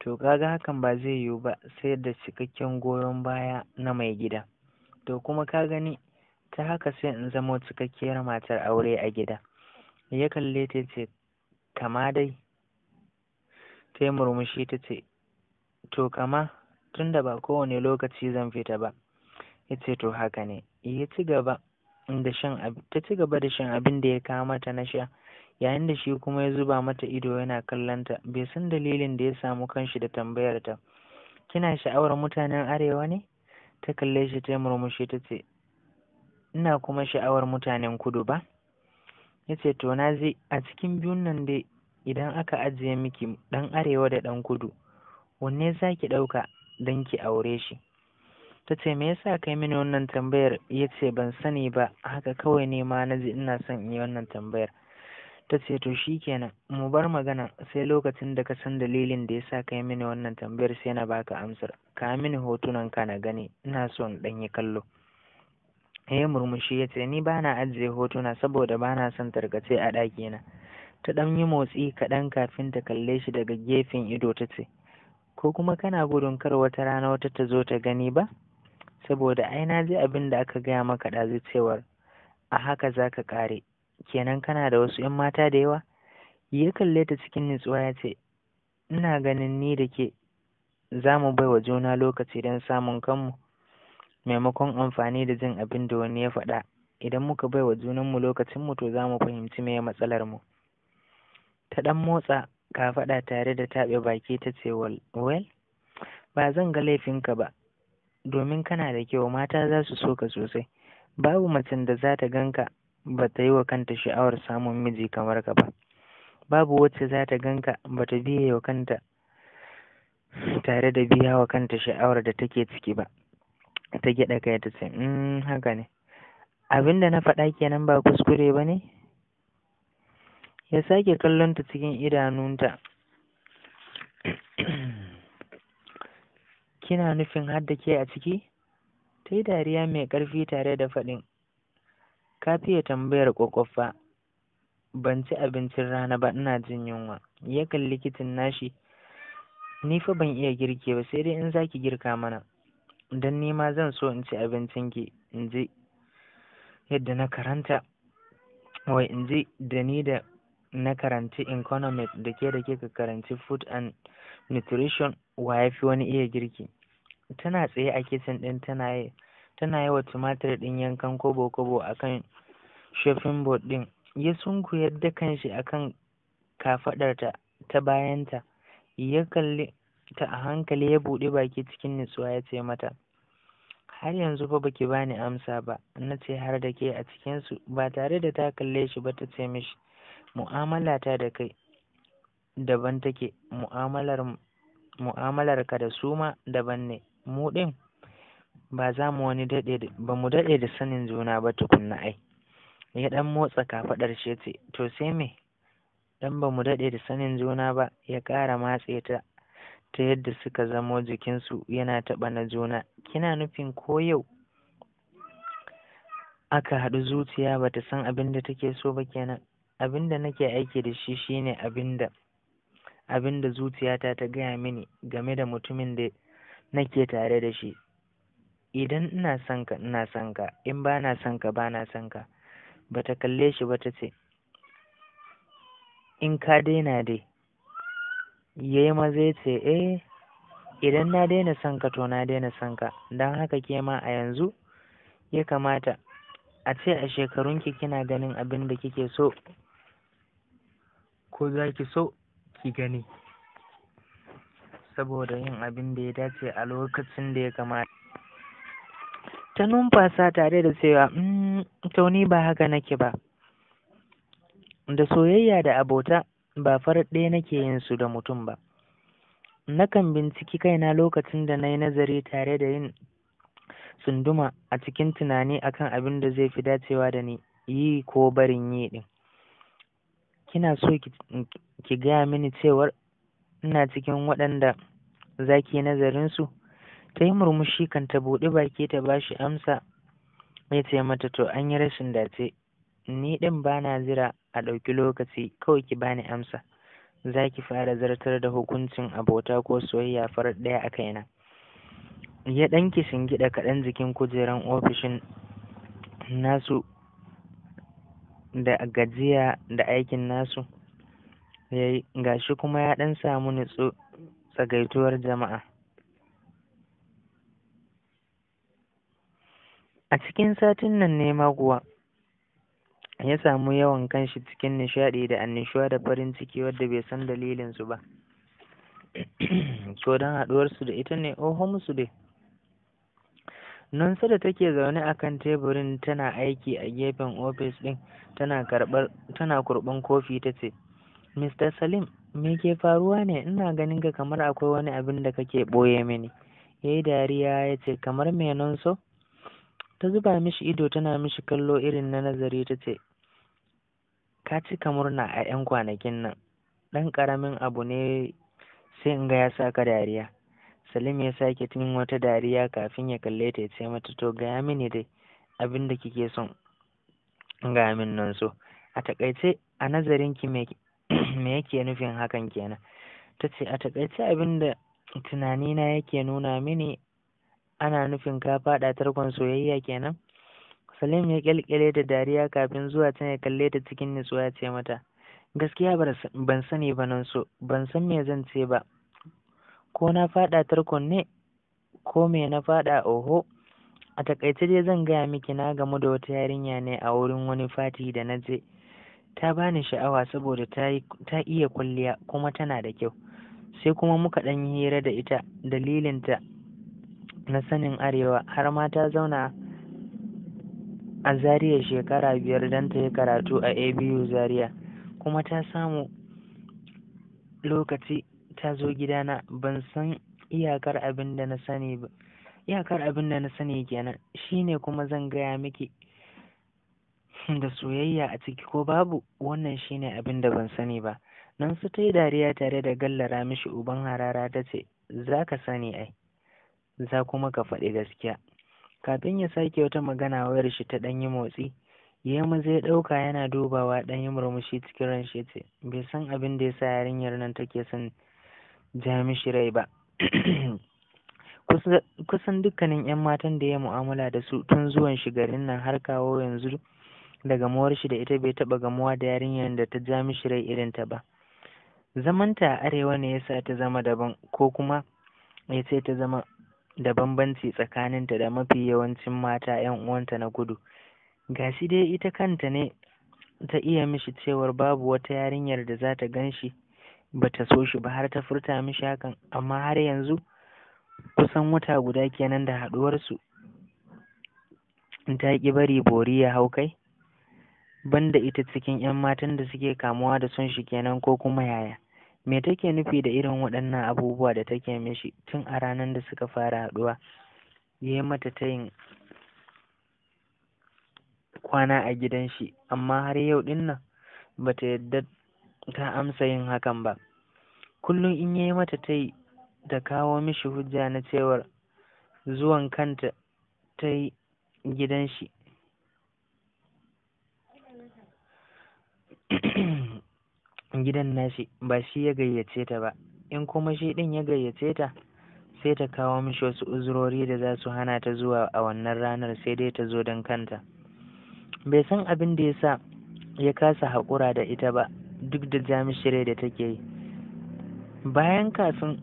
To kaga hakan ba zai yiwu ba sai da cikakken goyon baya na mai gida. To kuma ka gani ta haka sai in zama cikakkiyar matar aure a gida. Ya kalle ta ce, kama dai sai murmushi ta ce to kama da ba kowane lokaci zan fita ba ya ce to haka ne ya ci gaba da shan ta ci gaba da shan abin da ya kawo mata na sha yayin da shi kuma ya zuba mata ido yana kallonta bai san dalilin da ya samu kanshi da tambayar ta kina sha'awar mutanen arewa ne ta kalle shi ta murmushi ta ce ina kuma sha'awar mutanen kudu ba ya ce to na zai a cikin biyun nan dai idan aka ajiye miki ɗan arewa da ɗan kudu wanne za ki ɗauka don ki aure shi ta ce me yasa kai mini wannan tambayar ya ce ban sani ba haka kawai ne ma na ji ina son in yi wannan tambayar ta ce to kenan mu bar magana sai lokacin da ka san dalilin da yasa kai mini wannan tambayar sai na baka amsar ka mini hotunan ka na gani ina son in ɗan yi kallo ya murmushi ya ce ni bana ajiye hotuna saboda bana son tarkace a ɗakina ta ɗan yi motsi kaɗan kafin ta kalle shi daga gefen ido ta ce ko kuma kana gudun kar wata rana wata ta zo ta gani ba saboda ai na ji abin da aka gaya maka ɗazu cewar a haka za ka ƙare kenan kana da wasu ‘yan mata da yawa ya kalle ta cikin nutsuwa ya ce ina ganin ni da ke za mu bai wa juna lokaci don samun kanmu maimakon amfani da jin abin da wani ya faɗa idan muka bai wa junanmu lokacinmu to za mu fahimci matsalar mu. ta ɗan motsa kafaɗa tare da taɓe baki ta ce well ba zan ga laifinka ba domin kana da kyau mata za su so ka sosai babu macen da za ta ganka ba ta yi wa kanta sha'awar samun miji kamar ka ba babu wacce za ta ganka ba ta biye wa kanta tare da biya wa kanta sha'awar da take ciki ba ta gyaɗa kai ta ce mm, haka ne Abinda da na faɗa kenan ba kuskure ba ne ya sake kallon ta cikin idanunta kina nufin har ke a ciki ta yi dariya mai ƙarfi tare da faɗin ka fiye tambayar ƙwaƙwafa ban ci abincin rana ba ina jin yunwa ya kan likitin nashi ni fa ban iya girke ba sai dai in za ki girka mana don ni ma zan so in ci abincin ki in ji yadda na karanta wai in ji da ni da na karanci economic da ke da ke ka karanci food and nutrition wa ya fi wani iya girki tana tsaye a kitchen ɗin tana yi tana yi wa tumatir ɗin yankan kobo kobo akan shopping board ɗin ya sunkuyar da kanshi akan kafaɗarta ta bayanta ya kalli ta a hankali ya buɗe baki cikin nutsuwa ya ce mata har yanzu fa baki bani amsa ba na ce har da ke a cikinsu ba tare da ta kalle shi ba ta ce mishi mu'amalata da kai daban take mu'amalar mu'amalarka da su ma daban ne mu ɗin ba za mu wani daɗe ba mu daɗe da sanin juna ba tukunna ai ya ɗan motsa kafaɗar shi ce to sai me dan ba mu daɗe da sanin juna ba ya ƙara matse ta ta yadda suka zamo jikinsu yana taɓa na juna kina nufin ko yau aka haɗu zuciya bata san abin da take so ba kenan abinda nake aiki da shi shine abinda abinda zuciyata ta gaya mini game da mutumin da nake tare da shi idan ina son ka ina son ka in ba son ka ba son ka bata kalle shi ba ta ce in ka daina dai ya yi maza ya ce eh idan na daina son ka to na daina son ka don haka ke ma a yanzu ya kamata a ce a shekarunki kina ganin abin da kike so ko za ki so ki gani saboda yin abin da ya dace a lokacin da ya kamata ta numfasa tare da cewa mm, to ni ba haka nake ba da soyayya da abota ba farat ɗaya nake yin su da mutum ba nakan binciki kaina lokacin da na yi nazari tare da yin sunduma a cikin tunani akan abin da zai fi dacewa da ni yi ko barin yi ɗin kina so ki gaya mini cewar ina cikin waɗanda za ki yi nazarinsu ta yi murmushi kan ta buɗe baki ta ba shi amsa ya ce mata to an yi rashin dace ni ɗin ba na jira a ɗauki lokaci kawai ki bani amsa za ki fara zartar da hukuncin abota ko soyayya farar ɗaya a kaina ya ɗan shingiɗa kaɗan jikin kujeran ofishin nasu da gajiya da aikin nasu ya yi shi kuma ya ɗan samu nutsu tsagaituwar jama'a a cikin satin nan ne kuwa ya samu yawan kanshi cikin nishaɗi da annishuwa da farin ciki wadda bai san dalilinsu ba ko don haɗuwarsu da ita ne oho musu dai Nonso da take zaune a kan teburin tana aiki a gefen ofis ɗin tana kurɓar kofi ta ce, Mr. Salim, me ke faruwa ne? Ina ganin ka kamar akwai wani abin da kake ɓoye mini. Ya yi dariya ya ce, kamar me Nonso? Ta zuba mishi ido tana mishi kallo irin na nazari ta ce, Ka ka murna a ‘yan kwanakin nan, ɗan ƙaramin abu ne sai in ga ya sa ka dariya. Salim ya sake tun wata dariya kafin ya kalle ta ce mata to gaya mini dai abin da kike son ga min nan so a takaice a nazarin ki me yake nufin hakan kenan ta ce a takaice abin da tunanina yake nuna mini ana nufin ka fada tarkon soyayya kenan Salim ya kyalkyale da dariya kafin zuwa can ya kalle ta cikin nutsuwa ya ce mata gaskiya ban sani ba nan so ban san me zan ce ba ko na faɗa tarkon ne ko me na faɗa oho a takaice dai zan gaya miki na gamu da wata yarinya ne a wurin wani fati da na je ta bani sha'awa saboda ta iya kwalliya kuma tana da kyau sai kuma muka ɗan yi hira da ita dalilinta na sanin arewa har ma ta zauna a Zariya shekara biyar don ta yi karatu a abu zaria kuma ta samu lokaci ta zo gidana ban san iyakar abin da na sani ba iyakar abin da na sani kenan shine kuma zan gaya miki da soyayya a ciki ko babu wannan shine abin da ban sani ba nan su ta yi dariya tare da gallara mishi uban harara ta ce za ka sani ai za kuma ka faɗi gaskiya kafin ya sake wata magana wayar shi ta ɗanyi motsi ya maza ya ɗauka yana dubawa ɗanyi murmushi cikin ran ce bai san abin da ya sa yarinyar nan take son jami rai ba kusan dukkanin 'yan matan da ya mu'amala da su tun zuwan shi garin nan har kawo yanzu daga gamuwar shi da ita bai taba gamuwa da yarinyar da ta jami rai irin ta ba zamanta a arewa ne ya sa ta zama daban ko kuma ya ce ta zama da bambanci tsakaninta da mafi yawancin mata 'yan uwanta na gudu. gashi dai ita kanta ne ta iya mishi cewar babu wata yarinyar da za ta gan bata so shi ba har ta furta mishi hakan amma har yanzu kusan wata guda kenan da haɗuwarsu ta ƙi bari bori ya hau kai banda ita cikin 'yan matan da suke kamuwa da son shi kenan ko kuma yaya me take nufi da irin waɗannan abubuwa da take mishi tun a ranar da suka fara haɗuwa ya yi mata tayin kwana a gidan shi amma har yau ɗin nan bata yadda ta amsa yin hakan ba kullum in yayi mata ta yi da kawo mishi hujja na cewar zuwan kanta ta yi gidan shi gidan nashi ba shi ya gayyace ta ba in kuma shi ɗin ya gayyace ta sai ta kawo mishi wasu uzurori da za su hana ta zuwa a wannan ranar sai dai ta zo don kanta bai san abin da ya sa ya kasa haƙura da ita ba duk da jami'shire da take yi bayan kafin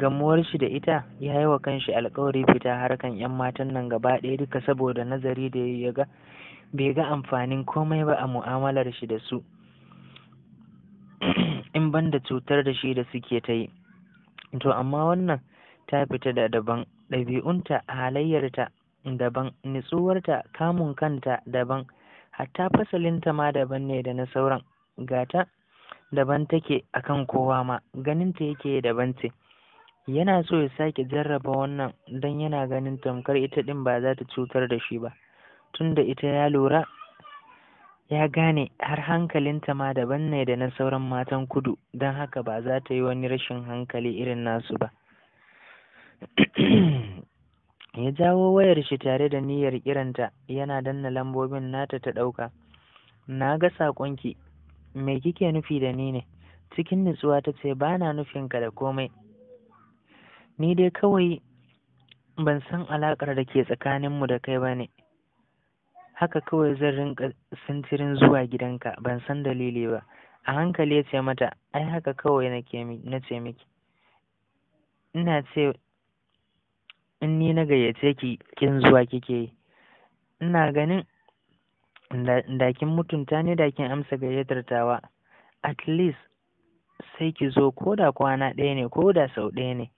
gamuwar shi da ita ya yi wa kanshi alkawari fita harkan 'yan matan nan gaba ɗaya duka saboda nazari da ya ga bai ga amfanin komai ba a mu'amalar shi da su in ban da cutar da shi da suke ta yi to amma wannan ta fita da daban ɗabi'unta halayyarta daban nitsuwarta kamun kanta daban hatta fasalinta ma daban ne da na sauran gata daban take akan kowa ma ganinta yake daban ce yana so ya sake jarraba wannan don yana ganin tamkar ita din ba za ta cutar da shi ba tunda ita ya lura ya gane har hankalinta ma daban ne da na sauran matan kudu don haka ba za ta yi wani rashin hankali irin nasu ba ya jawo wayar shi tare da niyyar kiranta yana danna lambobin nata ta ɗauka na ga saƙonki me kike nufi da ni ne cikin nutsuwa ta ce ba na nufinka da komai ni dai kawai ban san alaƙar da ke tsakaninmu da kai ba ne haka kawai zan rinka sintirin zuwa gidanka ban san dalili ba a hankali ya ce mata ai haka kawai na ce miki ina ce in ni na gayyace ki kin zuwa kike yi ina ganin da kin mutunta ne da kin amsa gayyatar tawa at least sai ki zo ko da kwana ɗaya ne ko da sau ɗaya ne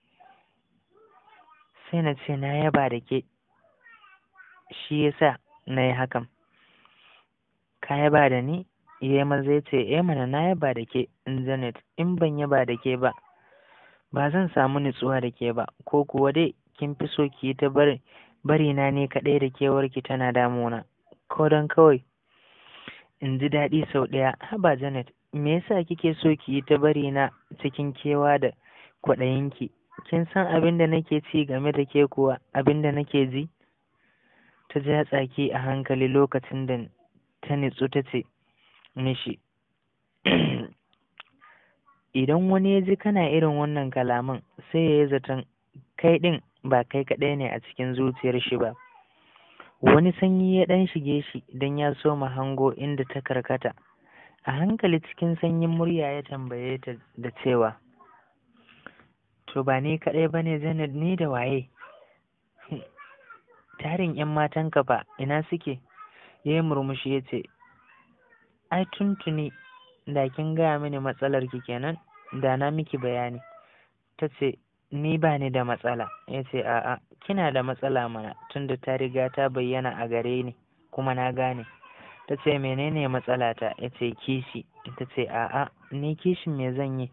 sai na ce na yaba da ke shi yasa na yi hakan ka yaba da ni ya maza ce eh mana na yaba da ke janet in ban yaba da ke ba ba zan samu nutsuwa da ke ba ko kuwa dai kin fi so ki yi ta bari na ne kaɗai da kewar ki tana damuna ko don kawai in ji daɗi sau ɗaya haba janet me yasa kike so ki yi ta bari na cikin kewa da kwaɗayinki kin san abin da nake ci game da ke kuwa abin da nake ji ta ja tsaki a hankali lokacin da ta nitsu ta ce mishi idan wani ya ji kana irin wannan kalaman sai ya yi zaton kai ɗin ba kai kaɗai ne a cikin zuciyar shi ba wani sanyi ya ɗan shige shi don ya soma hango inda ta karkata a hankali cikin sanyin murya ya tambaye ta da cewa to ba ni kaɗai ba ne zainab ni da waye tarin yan matanka ba ina suke ya yi murmushi ya ce ai tuntuni da kin gaya mini matsalar ki kenan da na miki bayani ta ce ni ba ni da matsala ya ce a'a kina da matsala mana tunda ta riga ta bayyana a gare ni kuma na gane ta ce menene matsalata ya ce kishi ta ce a'a ni kishin me zan yi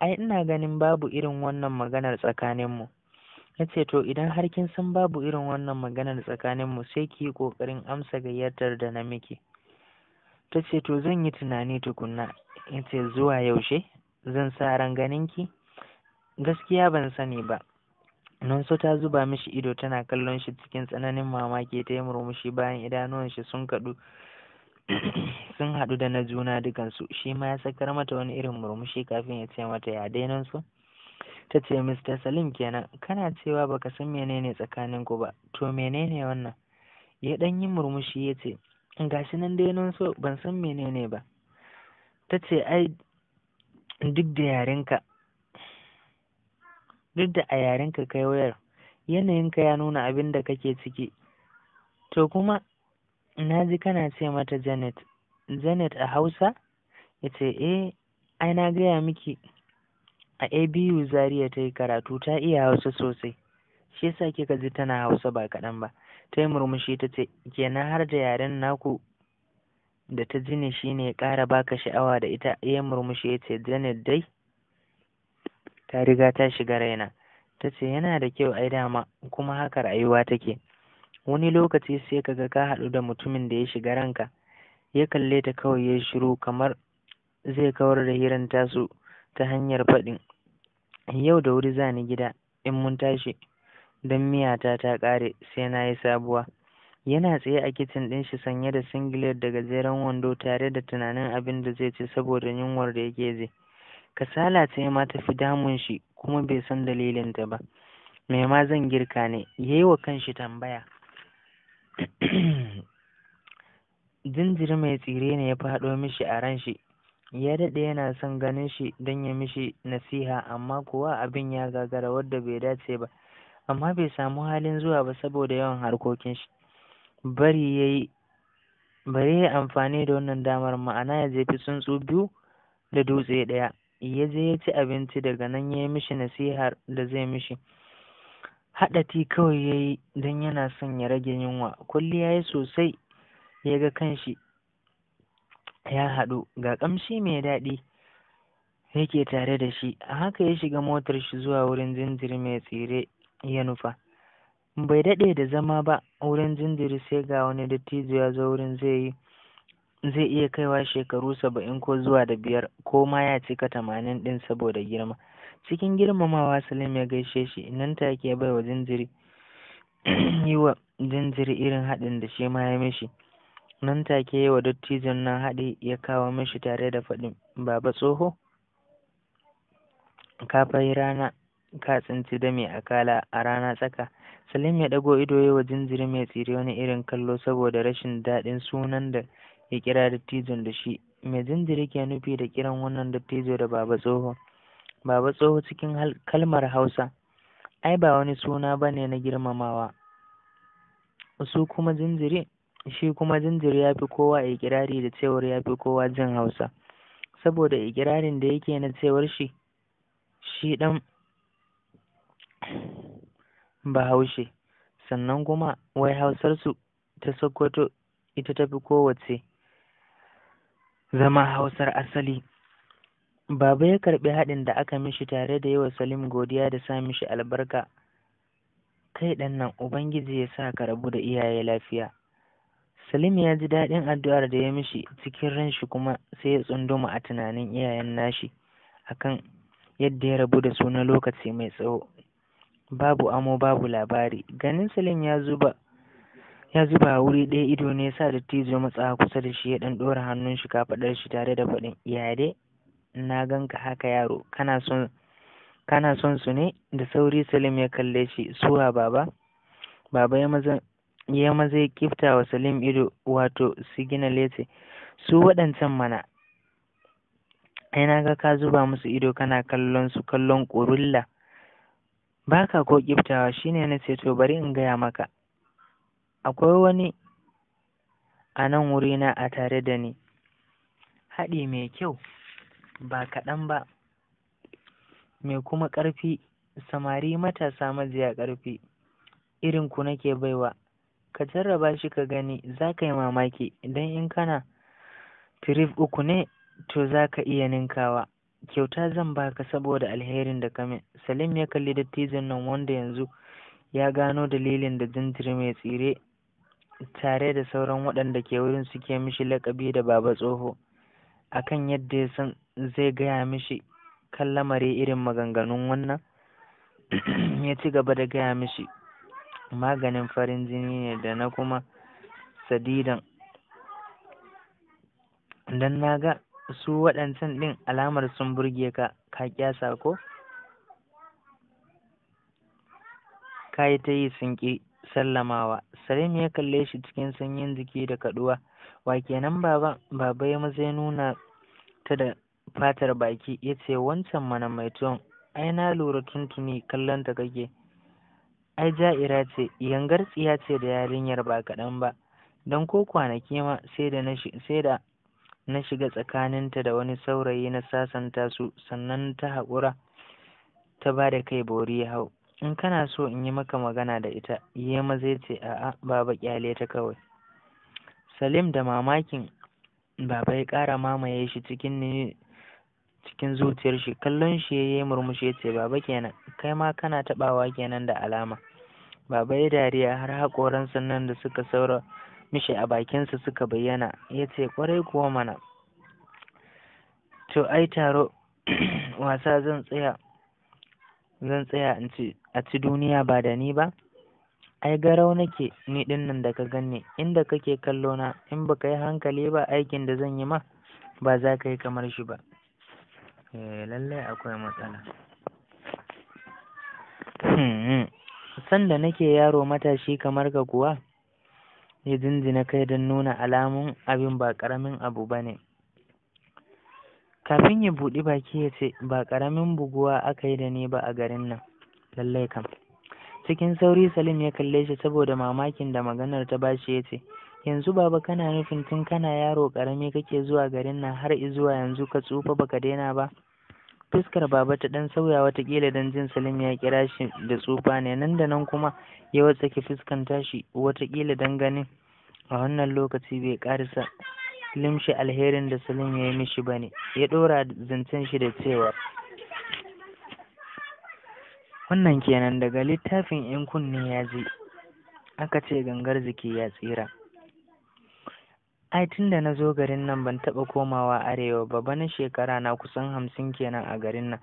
ai ina ganin babu irin wannan maganar tsakaninmu ya ce to idan har kin san babu irin wannan maganar tsakaninmu sai ki yi ƙoƙarin amsa gayyatar da na miki ta ce to zan yi tunani tukunna ya ce zuwa yaushe zan sa ran ganinki gaskiya ban sani ba Nonso ta zuba mishi ido tana kallon shi cikin tsananin mamaki ta yi murmushi bayan idanuwan shi sun kaɗu sun haɗu da na juna dukansu shi ma ya sakar mata wani irin murmushi kafin ya ce mata ya dai Nonso ta ce Mr. Salim kenan kana cewa baka san menene tsakanin ku ba to menene wannan ya ɗan yi murmushi ya ce gashi nan dai Nonso ban san menene ba ta ce ai duk da yarenka duk da a yarenka kai wayar yanayinka ya nuna abin da kake ciki to kuma na ji kana ce mata janet janet a hausa ya ce eh ai na gaya miki a abu zaria ta yi karatu ta iya hausa sosai shi yasa kika ji tana hausa ba kaɗan ba ta yi murmushi ta ce kenan har da yaren naku da ta ji ne shine ya ƙara baka sha'awa da ita ya murmushi ya ce janet dai ta riga ta shiga raina ta ce yana da kyau ai dama kuma haka rayuwa take wani lokaci sai kaga ka haɗu da mutumin da ya shiga ranka ya kalle ta kawai ya shiru kamar zai kawar da hirin tasu ta hanyar faɗin yau da wuri za ni gida in mun tashi don miyata ta ƙare sai na yi sabuwa yana tsaye a kicin ɗin shi sanye da singilet da gajeren wando tare da tunanin abin da zai ci saboda yunwar da yake je. kasala ce ma ta fi damun shi kuma bai san dalilin ta ba me ma zan girka ne yayi wa kanshi tambaya jinjiri mai tsire ne ya faɗo mishi a ran shi ya daɗe yana son ganin shi don ya mishi nasiha amma kuwa abin ya gagara wadda bai dace ba amma bai samu halin zuwa ba saboda yawan harkokin shi bari ya yi bari ya amfani da wannan damar ma'ana ya jefi tsuntsu biyu da dutse ɗaya ya je ya ci abinci daga nan ya yi mishi nasihar da zai mishi haɗa ti kawai ya yi don yana son ya rage yunwa Kulli ya yi sosai ya ga kanshi ya haɗu ga ƙamshi mai daɗi yake tare da shi a haka ya shiga motar shi zuwa wurin jinjiri mai tsire ya nufa bai daɗe da zama ba wurin jinjiri sai ga wani dattijo ya zo wurin zai yi zai iya kaiwa shekaru saba'in ko zuwa da biyar ko ma ya cika tamanin din saboda girma cikin girmamawa salim ya gaishe shi nan take ya baiwa jinjiri yi wa jinjiri irin haɗin da shi ma ya mishi nan take yi wa dattijon nan haɗi ya kawo mishi tare da faɗin baba tsoho ka rana ka tsinci da mai akala a rana tsaka salim ya ɗago ido yi wa jinjiri mai tsire wani irin kallo saboda rashin daɗin sunan da ya kira dattijon da shi mai jinjiri ke nufi da kiran wannan dattijo da baba tsoho baba tsoho cikin kalmar hausa ai ba wani suna ba ne na girmamawa su kuma jinjiri shi kuma jinjiri ya fi kowa ikirari da cewar ya fi kowa jin hausa saboda ikirarin da yake na cewar shi shi ɗan bahaushe sannan kuma wai hausarsu ta sokoto ita tafi kowace zama hausar asali baba ya karɓi haɗin da aka mishi tare da yawa salim godiya da sa mishi albarka kai ɗan ubangiji ya sa ka rabu da iyaye lafiya salim ya ji daɗin addu'ar da ya mishi cikin ranshi kuma sai ya tsunduma a tunanin iyayen nashi akan yadda ya rabu da su na lokaci mai tsawo babu amo babu labari ganin salim ya zuba ya zuba wuri ɗaya ido ne sa dattijo matsawa kusa da shi ya ɗan ɗora hannun shi kafaɗar shi tare da faɗin iyade na ganka haka yaro kana son kana son su ne da sauri salim ya kalle shi suwa baba baba ya maza ya maza ya kifta wa salim ido wato siginalete su waɗancan mana ai na ga ka zuba musu ido kana kallon su kallon ƙurulla baka ko kiftawa shine na ceto bari in gaya maka Akwai wani a nan wurina a tare da ni, haɗi mai kyau ba kaɗan ba, mai kuma ƙarfi, samari matasa maziya ƙarfi, ku nake baiwa, ka jarraba shi ka gani za ka yi mamaki Idan in kana tirif uku ne to za ka iya ninkawa. kyauta zan baka saboda alherin da ka Salim ya kalli dattijin nan wanda yanzu ya gano dalilin da jintiri mai tsire tare da sauran waɗanda ke wurin suke mishi laƙabi da baba tsoho akan yadda ya san zai gaya mishi kan lamari irin maganganun wannan ya ci gaba da gaya mishi maganin farin jini ne da na kuma sadidan don na ga su waɗancan ɗin alamar sun burge ka ka kyasa ko ka yi ta yi sun ƙi sallamawa salim ya kalle shi cikin sanyin jiki da kaduwa wa kenan baba baba ya maza ya nuna ta da fatar baki ya ce wancan mana mai tuwon ai na lura tuntuni kallon ta kake ai ja'ira ce yangar tsiya ce da yarinyar ba kaɗan ba don ko kwanaki ma sai da na sai na shiga tsakaninta da wani saurayi na sasanta su sannan ta haƙura ta ba da kai bori ya hau in kana so in yi maka magana da ita ya maza ya ce a'a baba kyale ta kawai salim da mamakin baba ya ƙara mamaye shi cikin cikin zuciyar shi kallon shi ya yi murmushi ya ce baba kenan kai ma kana tabawa kenan da alama baba ya dariya har haƙoran sannan da suka saura mishi a bakinsa suka bayyana ya ce ƙwarai kuwa mana to ai taro wasa zan tsaya zan tsaya in ce a ci duniya ba da ni ba ai garau nake ni din nan da ka ganni inda kake kallo na in baka yi hankali ba aikin da zan yi ma ba za ka yi kamar shi ba eh lallai akwai matsala hmm, sanda nake yaro matashi kamar ka kuwa ya jinjina kai don nuna alamun abin ba ƙaramin abu ba ne kafin ya buɗi baki ya ce ba karamin buguwa aka yi da ni ba a garin nan lallai kam cikin sauri salim ya kalle shi saboda mamakin da maganar ta bashi ya ce yanzu baba kana nufin tun kana yaro karami kake zuwa garin nan har izuwa yanzu ka tsufa baka daina ba fuskar baba ta dan sauya watakila dan jin salim ya kira shi da tsufa ne nan da nan kuma ya watsake fuskan tashi watakila dan ganin a wannan lokaci bai karisa limshi alherin da salim ya yi mishi ba ne ya ɗora zancen shi da cewa wannan kenan daga littafin ‘yan kunne ya ji aka ce gangar jiki ya tsira ai tun da na zo garin nan ban taɓa komawa arewa ba bana shekara na kusan hamsin kenan a garin nan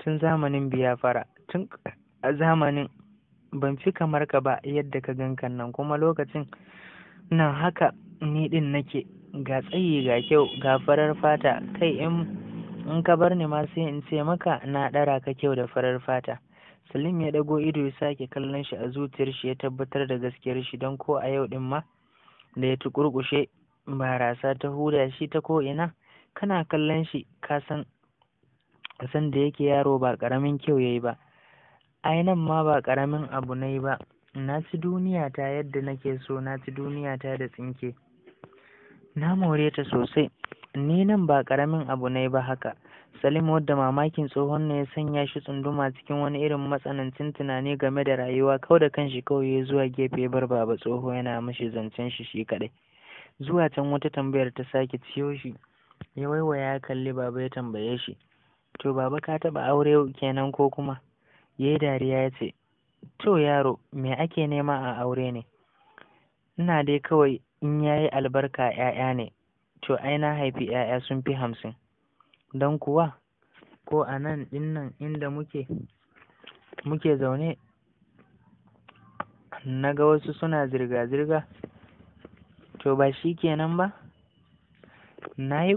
tun zamanin biyafara tun a zamanin ban fi kamar ka ba yadda ka gankan nan kuma lokacin nan haka ni ɗin nake ga tsayi ga kyau ga farar fata kai in in ka bar ni ma sai in ce maka na ɗara ka kyau da farar fata Salim ya ɗago ido ya sake kallon shi a zuciyar shi ya tabbatar da gaskiyar shi don ko a yau ɗin ma da ya tukurkushe barasa ta huda shi ta ko ina kana kallon shi ka san san da yake yaro ba ƙaramin kyau yayi ba ai nan ma ba ƙaramin abu yi ba na ci duniya ta yadda nake so na ci duniya ta da tsinke na more ta sosai ni nan ba ƙaramin abu yi ba haka Salim wadda mamakin tsohon ne ya sanya shi tsunduma cikin wani irin matsanancin tunani game da rayuwa kau da kanshi kawai ya zuwa gefe bar baba tsoho yana mashi zancen shi shi kaɗai. Zuwa can wata tambayar ta sake ciyo shi ya waiwa ya kalli baba ya tambaye shi to baba ka taɓa aure kenan ko kuma ya yi dariya ya ce to yaro me ake nema a aure ne ina dai kawai in ya yi albarka ‘ya'ya ne to ai na haifi ‘ya'ya sun fi hamsin don kuwa ko a nan ɗinnan inda muke muke zaune na ga wasu suna zirga-zirga to ba shi kenan ba na yi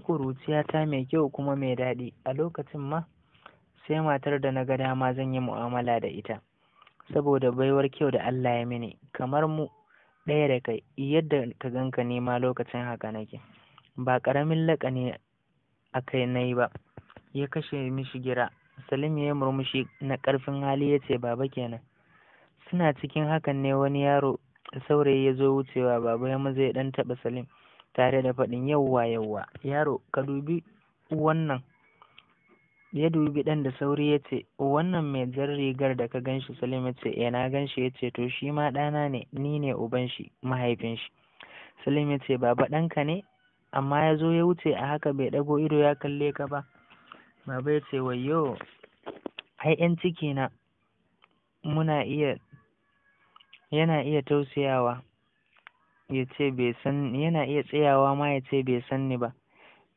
ta mai kyau kuma mai daɗi a lokacin ma sai matar da na ga dama zan yi mu'amala da ita saboda baiwar kyau da Allah ya mini kamar mu ɗaya da kai yadda ka ganka nema lokacin haka nake ba ƙaramin ne. a kai na yi ba ya kashe mishi gira salim ya yi murmushi na ƙarfin hali ya ce baba kenan suna cikin hakan ne wani yaro saurayi ya zo wucewa baba ya maza ya ɗan taɓa salim tare da faɗin yawwa yawwa yaro ka dubi wannan ya dubi ɗan da sauri ya ce wannan mai jan rigar da ka ganshi salim ya ce eh na ganshi ya ce to shi ma ɗana ne ni ne uban shi mahaifin shi salim ya ce baba ɗanka ne amma ya zo ya wuce a haka bai ɗago ido ya kalle ka ba baba ya ce wayo ai yan ciki na muna iya yana iya tausayawa ya ce bai san yana iya tsayawa ma ya ce bai san ni ba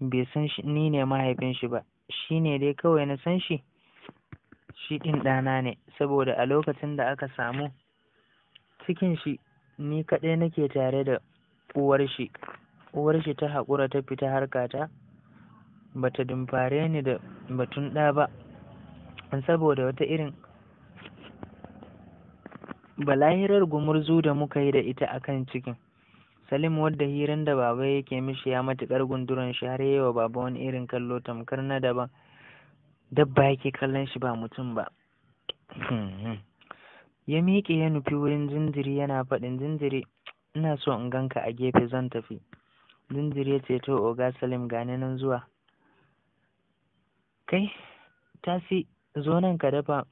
bai san ni ne mahaifin shi ba shi ne dai kawai na san shi shi ɗin ɗana ne saboda a lokacin da aka samu cikin shi ni kaɗai nake tare da uwar shi uwar shi ta haƙura ta fita harkata bata dumfare ni da batun ɗa ba saboda wata irin balahirar gumurzu da muka yi da ita a kan cikin salim wadda hirin da baba yake mishi ya matuƙar gunduran shi har wa baba wani irin kallo tamkar na daban dabba yake kallon shi ba mutum ba ya miƙe ya nufi wurin jinjiri yana faɗin jinjiri ina so in ganka a gefe zan tafi jinjiri ce to oga salim gane nan zuwa kai tasi zo nan ka dafa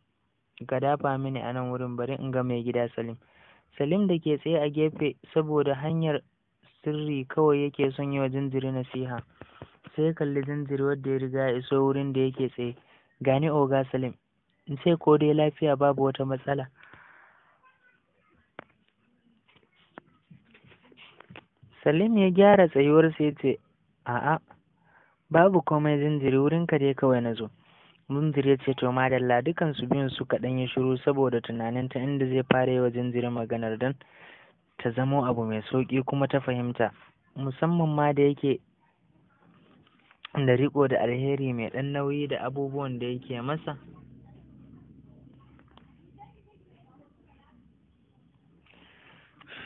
ka dafa mini a nan wurin bari in ga mai gida salim salim da ke tsaye a gefe saboda hanyar sirri kawai yake son yi wa jinjiri nasiha sai ya kalli jinjiri wadda ya riga ya iso wurin da yake tsaye gani oga salim sai ko dai lafiya babu wata matsala Salim ya gyara tsayuwarsa ya ce, A'a, babu komai zinjiri, wurinka dai kawai na zo. Jinjiri ya ce, To, madalla su biyun su ɗan yi shiru saboda tunanin ta inda zai fara yi wa maganar don ta zamo abu mai sauƙi kuma ta fahimta, musamman ma da yake da riko da alheri mai ɗan nauyi da abubuwan da yake masa.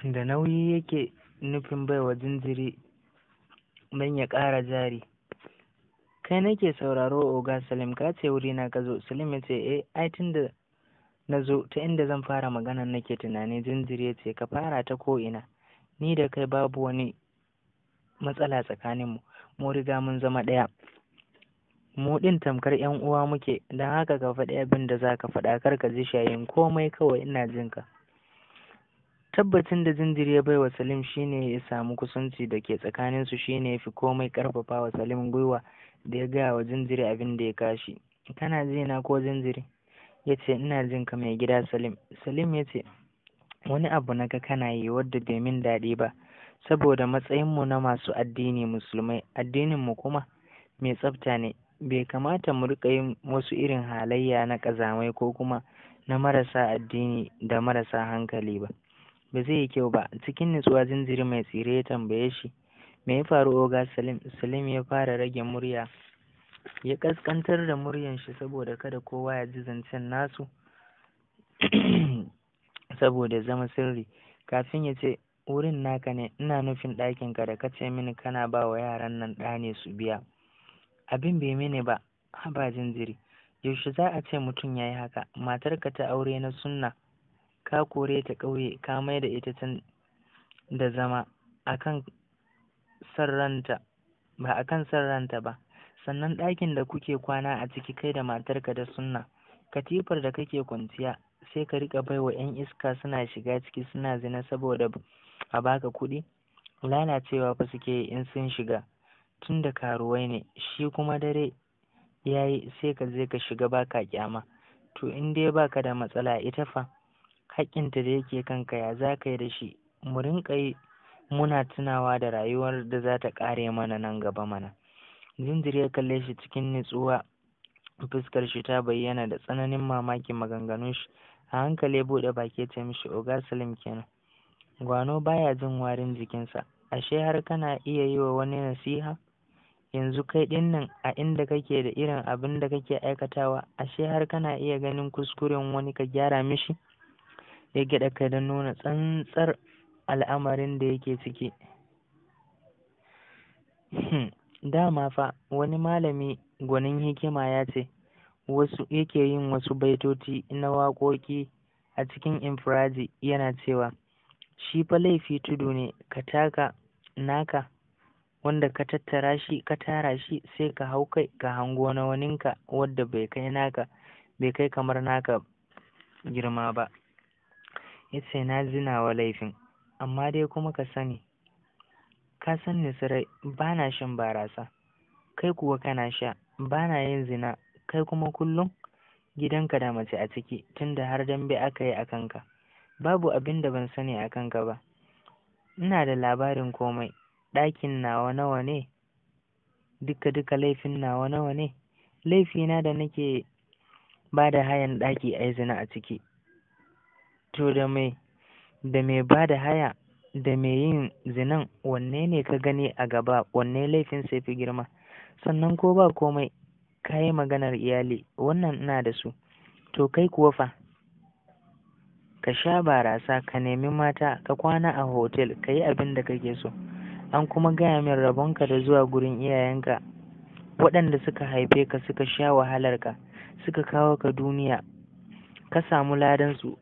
da nauyi yake nufin baiwa jinjiri don ya ƙara jari kai nake sauraro oga salim ka ce wurina ka zo salim ya ce eh ai tun da na zo ta inda zan fara maganan nake tunani jinjiri ya ce ka fara ta ko ina ni da kai babu wani matsala tsakaninmu mu riga mun zama ɗaya mu ɗin tamkar yan uwa muke don haka ka faɗi abin da za ka faɗa kar ka ji shayin komai kawai ina jinka tabbacin da jinjiri ya bai wa salim shine ya samu kusanci da ke tsakanin su shine ya fi komai karfafa wa salim gwiwa da ya gaya wa jinjiri abin da ya kashi kana ji na ko jinjiri ya ce ina jin ka mai gida salim salim ya ce wani abu na ga kana yi wadda domin daɗi ba saboda matsayinmu na masu addini musulmai addininmu kuma mai tsafta ne bai kamata mu riƙa yin wasu irin halayya na ƙazamai ko kuma na marasa addini da marasa hankali ba ba zai yi kyau ba cikin nutsuwa jinjiri mai tsire ya tambaye shi me ya faru oga salim salim ya fara rage murya ya kaskantar da muryan shi saboda kada kowa ya ji zancen nasu saboda zama sirri kafin ya ce wurin naka ne ina nufin ɗakin ka da ka ce mini kana ba wa yaran nan ɗa ne su biya abin bai mini ba ba jinjiri yaushe za a ce mutum ya yi haka matarka ta aure na sunna ka kore ta ƙauye ka mai da ita can da zama akan a kan ba akan san ranta ba sannan ɗakin da kuke kwana a ciki kai da matarka da sunna katifar da kake kwanciya sai ka riƙa baiwa 'yan iska suna shiga ciki suna zina saboda a baka kuɗi lalacewa fa suke in sun shiga tun da karuwai ne shi kuma dare ya yi sai ka je ka shiga baka kyama to in dai baka da matsala ita fa haƙƙinta da yake kanka ya za ka yi da shi mu rinƙa yi muna tunawa da rayuwar da za ta ƙare mana nan gaba mana jinjiri ya kalle shi cikin nutsuwa fuskar shi ta bayyana da tsananin mamakin maganganun shi a hankali buɗe baki ce mishi oga salim kenan gwano baya jin warin jikinsa ashe har kana iya yi wa wani nasiha yanzu kai ɗin nan a inda kake da irin abin da kake aikatawa ashe har kana iya ganin kuskuren wani ka gyara mishi ya gyaɗa kai don nuna tsantsar al'amarin da yake ciki hmm, dama fa wani malami gwanin hikima ya ce wasu yake yin wasu baitoci na waƙoƙi a cikin infiraji yana cewa shi fa laifi tudu ne ka taka naka wanda ka tattara shi ka tara shi sai ka hau kai ka hango na waninka wadda bai kai naka bai kai kamar naka girma ba ya ce na zina wa laifin amma dai kuma ka sani ka san ni sarai ba na shan barasa kai kuwa kana sha ba na yin zina kai kuma kullum gidanka da mace a ciki tunda har dambe aka yi a kanka babu abin da ban sani a kanka ba ina da labarin komai ɗakin nawa nawa ne duka duka laifin nawa nawa ne laifina da nake ba da hayan ɗaki a yi zina a ciki to da mai da mai ba da haya da mai yin zinan wanne ne ka gani a gaba wanne laifin sai fi girma sannan ko ba komai ka yi maganar iyali wannan ina da su to kai kuwa fa ka sha barasa ka nemi mata ka kwana a hotel ka yi abin da kake so an kuma gaya min rabonka da zuwa gurin iyayenka waɗanda suka haife ka suka sha wahalarka suka kawo ka duniya ka samu ladansu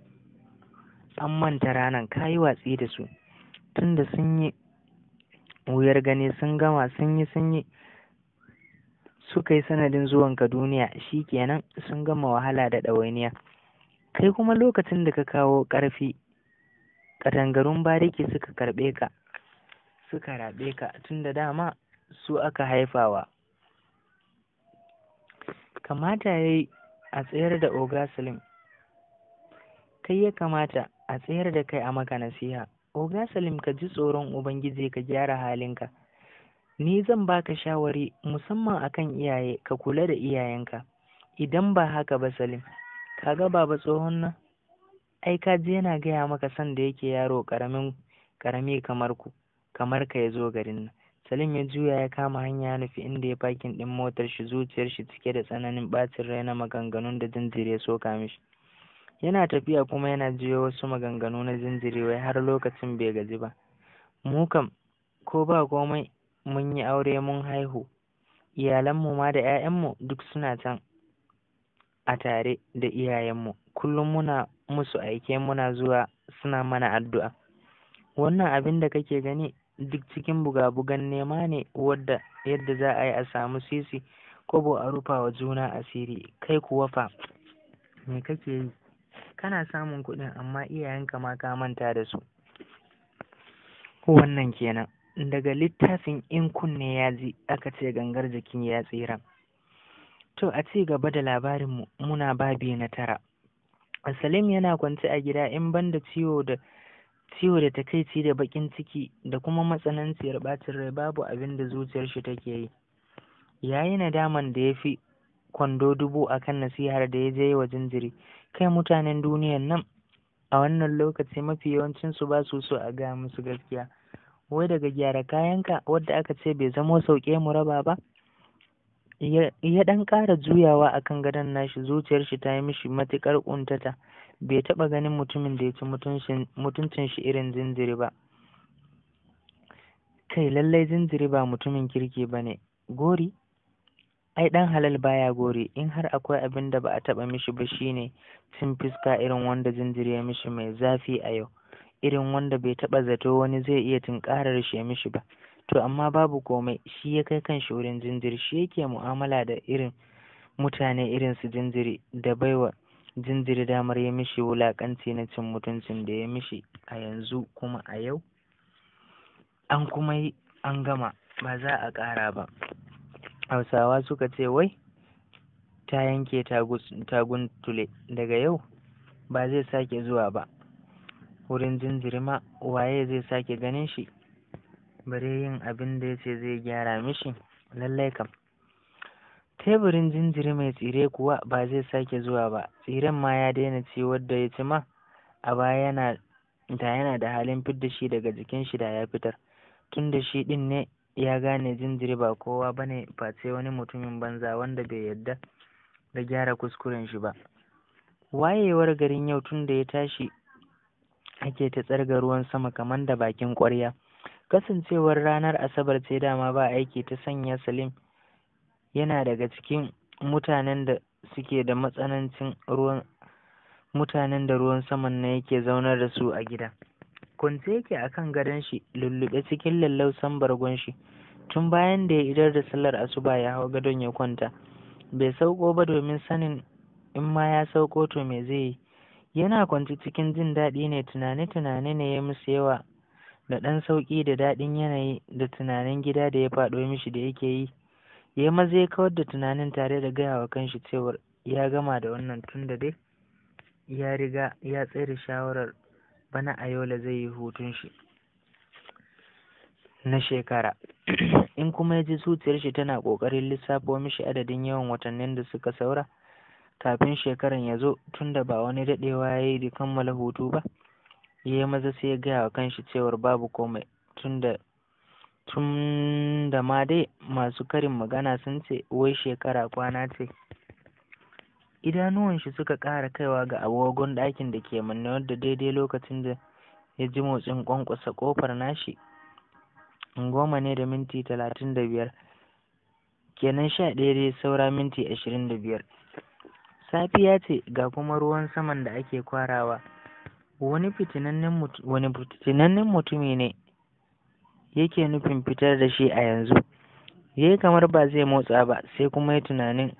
an manta ranar ka yi watsi da su tunda sun yi wuyar gani sun gama sun yi sun yi suka yi sanadin zuwanka duniya shi kenan sun gama wahala da ɗawainiya kai kuma lokacin da ka kawo ƙarfi katangarun bariki suka karɓe ka suka raɓe ka tunda dama su aka haifawa kamata ya yi a tsayar da ogasalin. kai ya kamata a tsayar da kai a maka nasiha oga salim ka ji tsoron ubangiji ka gyara halinka ni zan baka shawari musamman akan iyaye ka kula da iyayenka idan ba haka ba salim kaga baba tsohon nan ai ka je yana gaya maka san da yake yaro karamin karami kamar ku kamar ka ya zo garin nan salim ya juya ya kama hanya ya nufi inda ya fakin ɗin motar shi zuciyar shi cike da tsananin ɓacin rai na maganganun da jinjiri ya soka mishi yana tafiya kuma yana jiyo wasu maganganu na jinjirewa har lokacin bai gaji ba mu kam ko ba komai mun yi aure mun haihu iyalanmu ma da 'ya'yanmu duk suna can a tare da iyayenmu kullum muna musu aike muna zuwa suna mana addu'a wannan abin da kake gani duk cikin buga-bugan nema ne wadda yadda za a yi a samu sisi ko ba a rufa wa juna asiri kai kuwa fa me kake yi kana samun kuɗin amma iyayenka ma ka manta da su wannan kenan daga littafin in kunne ya ji aka ce gangar jikin ya tsira to a ci gaba da labarinmu muna babi na tara salim yana kwance a gida in banda ciwo da ciwo da takaici da bakin ciki da kuma matsananciyar bacin rai babu abin da zuciyar shi take yi yayi nadaman da ya fi kwando dubu akan nasihar da ya je wa jinjiri kai mutanen duniyan nan a wannan lokaci mafi yawancin su ba su so a ga musu gaskiya wai daga gyara kayanka wadda aka ce bai zamo sauke mu raba ba ya ɗan ƙara juyawa a kan gadon nashi zuciyar shi ta yi mishi matuƙar ƙuntata bai taɓa ganin mutumin da ya ci mutuncin shi irin jinjiri ba kai lallai jinjiri ba mutumin kirki ba ne gori ai dan halal baya gori in har akwai abin da ba a taba mishi ba shine cin fuska irin wanda jinjiri ya mishi mai zafi a yau irin wanda bai taba zato wani zai iya tunƙarar shi ya mishi ba to amma babu komai shi ya kai kan shi wurin jinjiri shi yake mu'amala da irin mutane irin su jinjiri da baiwa jinjiri damar ya mishi wulaƙanci na cin mutuncin da ya mishi a yanzu kuma a yau an kuma yi an gama ba za a ƙara ba hausawa suka ce wai ta yanke tagun tule daga yau ba zai sake zuwa ba wurin jinjirima waye zai sake ganin shi bare yin abin da ya ce zai gyara mishi lallai kam teburin jinjiri mai tsire kuwa ba zai sake zuwa ba tsiren ma ya daina ci wadda ya ci ma a baya yana da yana da halin fidda shi daga jikin shi da ya fitar tun da shi din ne ya gane jinjiri ba kowa ba ne face wani mutumin banza wanda bai yadda da gyara kuskuren shi ba wayewar garin yau tun da ya tashi ake ta tsarga ruwan sama kamar da bakin ƙwarya kasancewar ranar asabar ce dama ba aiki ta sanya salim yana daga cikin mutanen da suke da matsanancin ruwan mutanen da ruwan saman na yake zaunar da su a gida kwance yake a kan gadon shi lullube cikin lallausan bargon shi tun bayan da ya idar da sallar asuba ya hau gadon ya kwanta bai sauko ba domin sanin in ma ya sauko to me zai yi yana kwance cikin jin daɗi ne tunane-tunane ne ya musu yawa da ɗan sauki da daɗin yanayi da tunanin gida da ya faɗo mishi da yake yi ya maza ya kawar da tunanin tare da gaya wa kanshi cewar ya gama da wannan tun da dai ya riga ya tsere shawarar bana a yola zai yi hutun shi na shekara in kuma ya ji zuciyar shi tana ƙoƙarin lissafo mishi adadin yawan watannin da suka saura kafin shekaran ya zo tunda ba wani daɗewa ya yi da kammala hutu ba ya yi maza sai ya gaya wa kanshi cewar babu komai tunda tun da ma dai masu karin magana sun ce wai shekara kwana ce idanuwan shi suka ƙara kaiwa ga agogon ɗakin da ke manne wadda daidai lokacin da ya ji motsin ƙwanƙwasa ƙofar nashi goma ne da minti talatin da biyar kenan sha ɗaya dai saura minti ashirin da biyar safiya ce ga kuma ruwan saman da ake kwarawa wani fitinannen mutumi ne yake nufin fitar da shi a yanzu ya kamar ba zai motsa ba sai kuma ya tunanin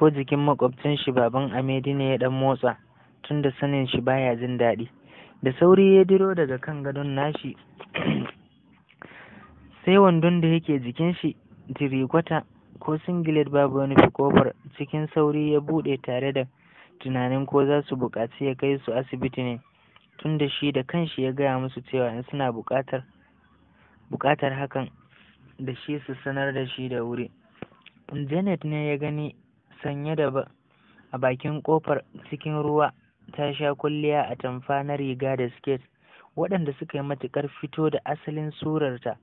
ko jikin makwabcin shi baban Amedi ne ya dan motsa tunda sanin shi baya jin daɗi da sauri ya diro daga kan gadon nashi sai wandon da yake jikin shi tirikwata ko singlet babu wani fi kofar cikin sauri ya buɗe tare da tunanin ko za su buƙaci ya kai su asibiti ne tunda shi da kanshi ya gaya musu cewa in suna buƙatar buƙatar hakan da shi su sanar da shi da wuri janet ne ya gani sanye da ba a bakin kofar cikin ruwa ta sha kulliya a tamfa na riga da siket waɗanda suka yi matuƙar fito da asalin surarta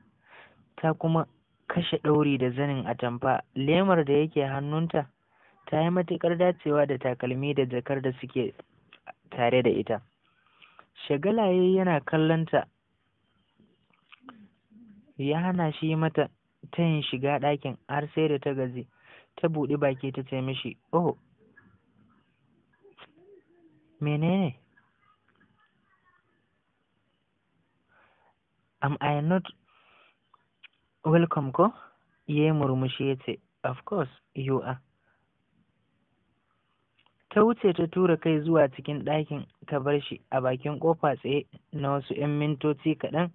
ta kuma kashe ɗauri da zanin atamfa lemar da yake hannunta ta yi matuƙar dacewa da takalmi da jakar da suke tare da ita shagalaye yana kallonta ya hana shi mata ta yin shiga ɗakin har sai da ta gaji ta buɗe baki ta ce mishi oh menene am i not welcome ko ya yi murmushi ya ce of course you are ta wuce ta tura kai zuwa cikin ɗakin ta bar shi a bakin ƙofa tsaye na wasu 'yan mintoci kaɗan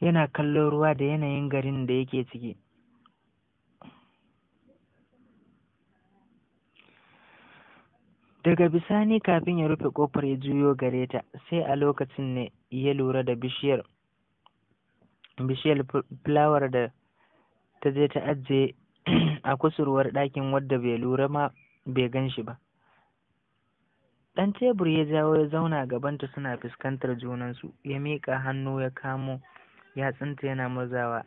yana kallon ruwa da yanayin garin da yake ciki daga bisani kafin ya rufe kofar ya juyo gare ta sai a lokacin ne ya lura da bishiyar bishiyar fulawar da ta je ta ajiye a kusurwar ɗakin wadda bai lura ma bai gan shi ba ɗan tebur ya jawo ya zauna gabanta suna fuskantar junansu ya mika hannu ya kamo ya tsinta yana murzawa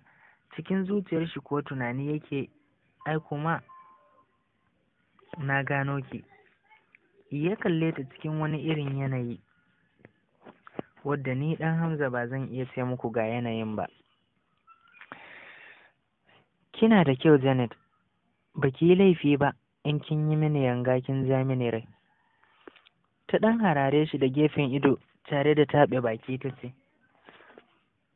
cikin zuciyar shi ko tunani yake ai kuma na gano ki ya kalle ta cikin wani irin yanayi wadda ni ɗan hamza ba zan iya ce muku ga yanayin ba kina da kyau janet ba ki yi laifi ba in kin yi mini yanga kin ja mini rai ta ɗan harare shi da gefen ido tare da taɓe baki ta ce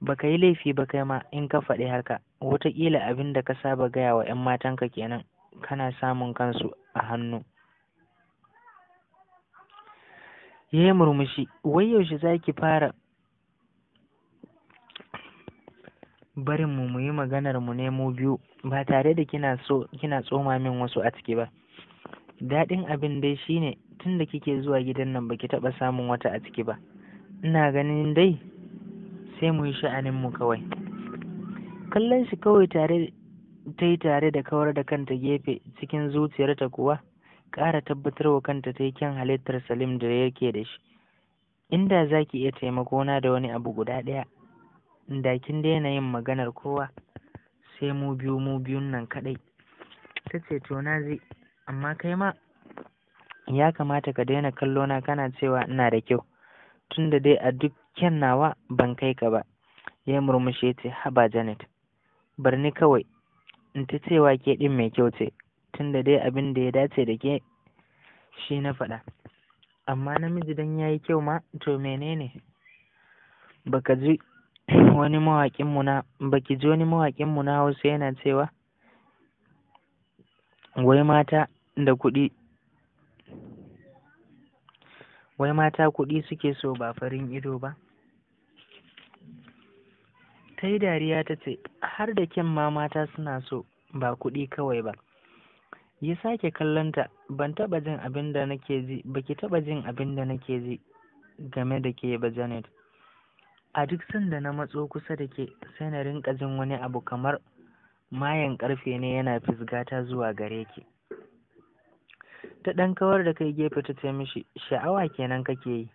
ba ka yi laifi ba kai ma in ka faɗi haka wataƙila abin da ka saba gaya wa 'yan matanka kenan kana samun kansu a hannu ya yi murmushi wai yaushe za ki fara barin mu mu yi maganar mu ne mu biyu ba tare da kina so kina tsoma min wasu a ciki ba daɗin abin dai shine tun da kike zuwa gidan nan baki taɓa samun wata a ciki ba ina ganin dai sai muyi yi sha'anin mu kawai kallon shi kawai tare ta yi tare da kawar da kanta gefe cikin zuciyarta kuwa ƙara tabbatar wa kanta ta yi kyan halittar Salim da yake da shi. Inda za ki iya na da wani abu guda ɗaya, da kin daina yin maganar kowa sai mu biyu mu biyun nan kaɗai. Ta ce to na zai, amma kai ma ya kamata ka daina kallo na kana cewa ina da kyau, tunda dai a duk kyan nawa ban kai ka ba. Ya murmushe ce haba Janet, bar ni kawai, in ta cewa ke ɗin mai kyau ce, tunda dai abin da ya dace da ke shi na faɗa amma namiji dan yayi kyau ma to menene baka ji wani mawaƙin mu na baki ji wani mawaƙin mu na Hausa yana cewa wai mata da kuɗi wai mata kuɗi suke so ba farin ido ba ta yi dariya ta ce har da kyan ma mata suna so ba kuɗi kawai ba ya sake kallonta ban taɓa jin abin da nake ji baki taɓa jin abin da nake ji game da ke ba janet a duk sanda na matso kusa da ke sai na rinka jin wani abu kamar mayan karfe ne yana fisgata zuwa gare ki ta ɗan kawar da kai gefe ta ce mishi sha'awa kenan kake yi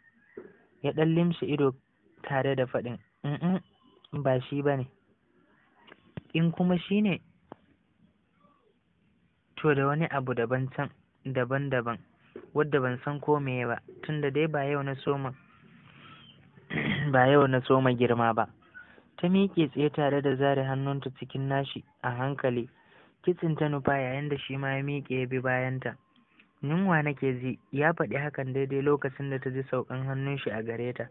ya ɗan limshi ido tare da faɗin ba shi ba ne in kuma shi ne so da wani abu daban can daban daban wadda ban san ko meye ba tunda dai ba yau na soma girma ba ta miƙe tsaye tare da zare hannunta cikin nashi a hankali kitsin ta nufa yayin da shi ma ya miƙe ya bi bayanta yunwa nake ji ya faɗi hakan daidai lokacin da ta ji saukan hannun shi a gare ta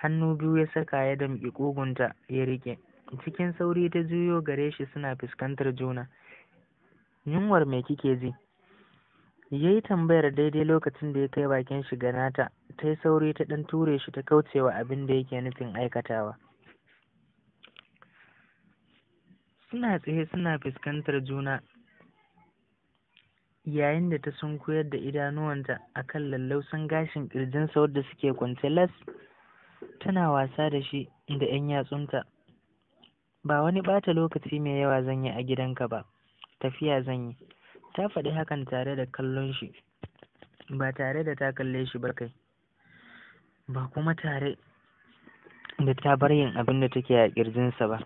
hannu biyu ya saka ya damƙi ƙugunta ya riƙe cikin sauri ta juyo gare shi suna fuskantar juna yunwar me kike ji ya yi tambayar daidai lokacin da ya kai bakin shiga nata ta yi sauri ta ɗan ture shi ta kaucewa abin da yake nufin aikatawa suna tsaye suna fuskantar juna yayin da ta sunkuyar da idanuwanta a kan lallausan gashin ƙirjinsa wadda suke kwance las tana wasa da shi da 'yan yatsunta ba wani ɓata lokaci mai yawa zan yi a gidanka ba tafiya zan yi ta faɗi hakan tare da kallon shi ba tare da ta kalle shi ba kai ba kuma tare da ta bar yin abin da take a ƙirjinsa ba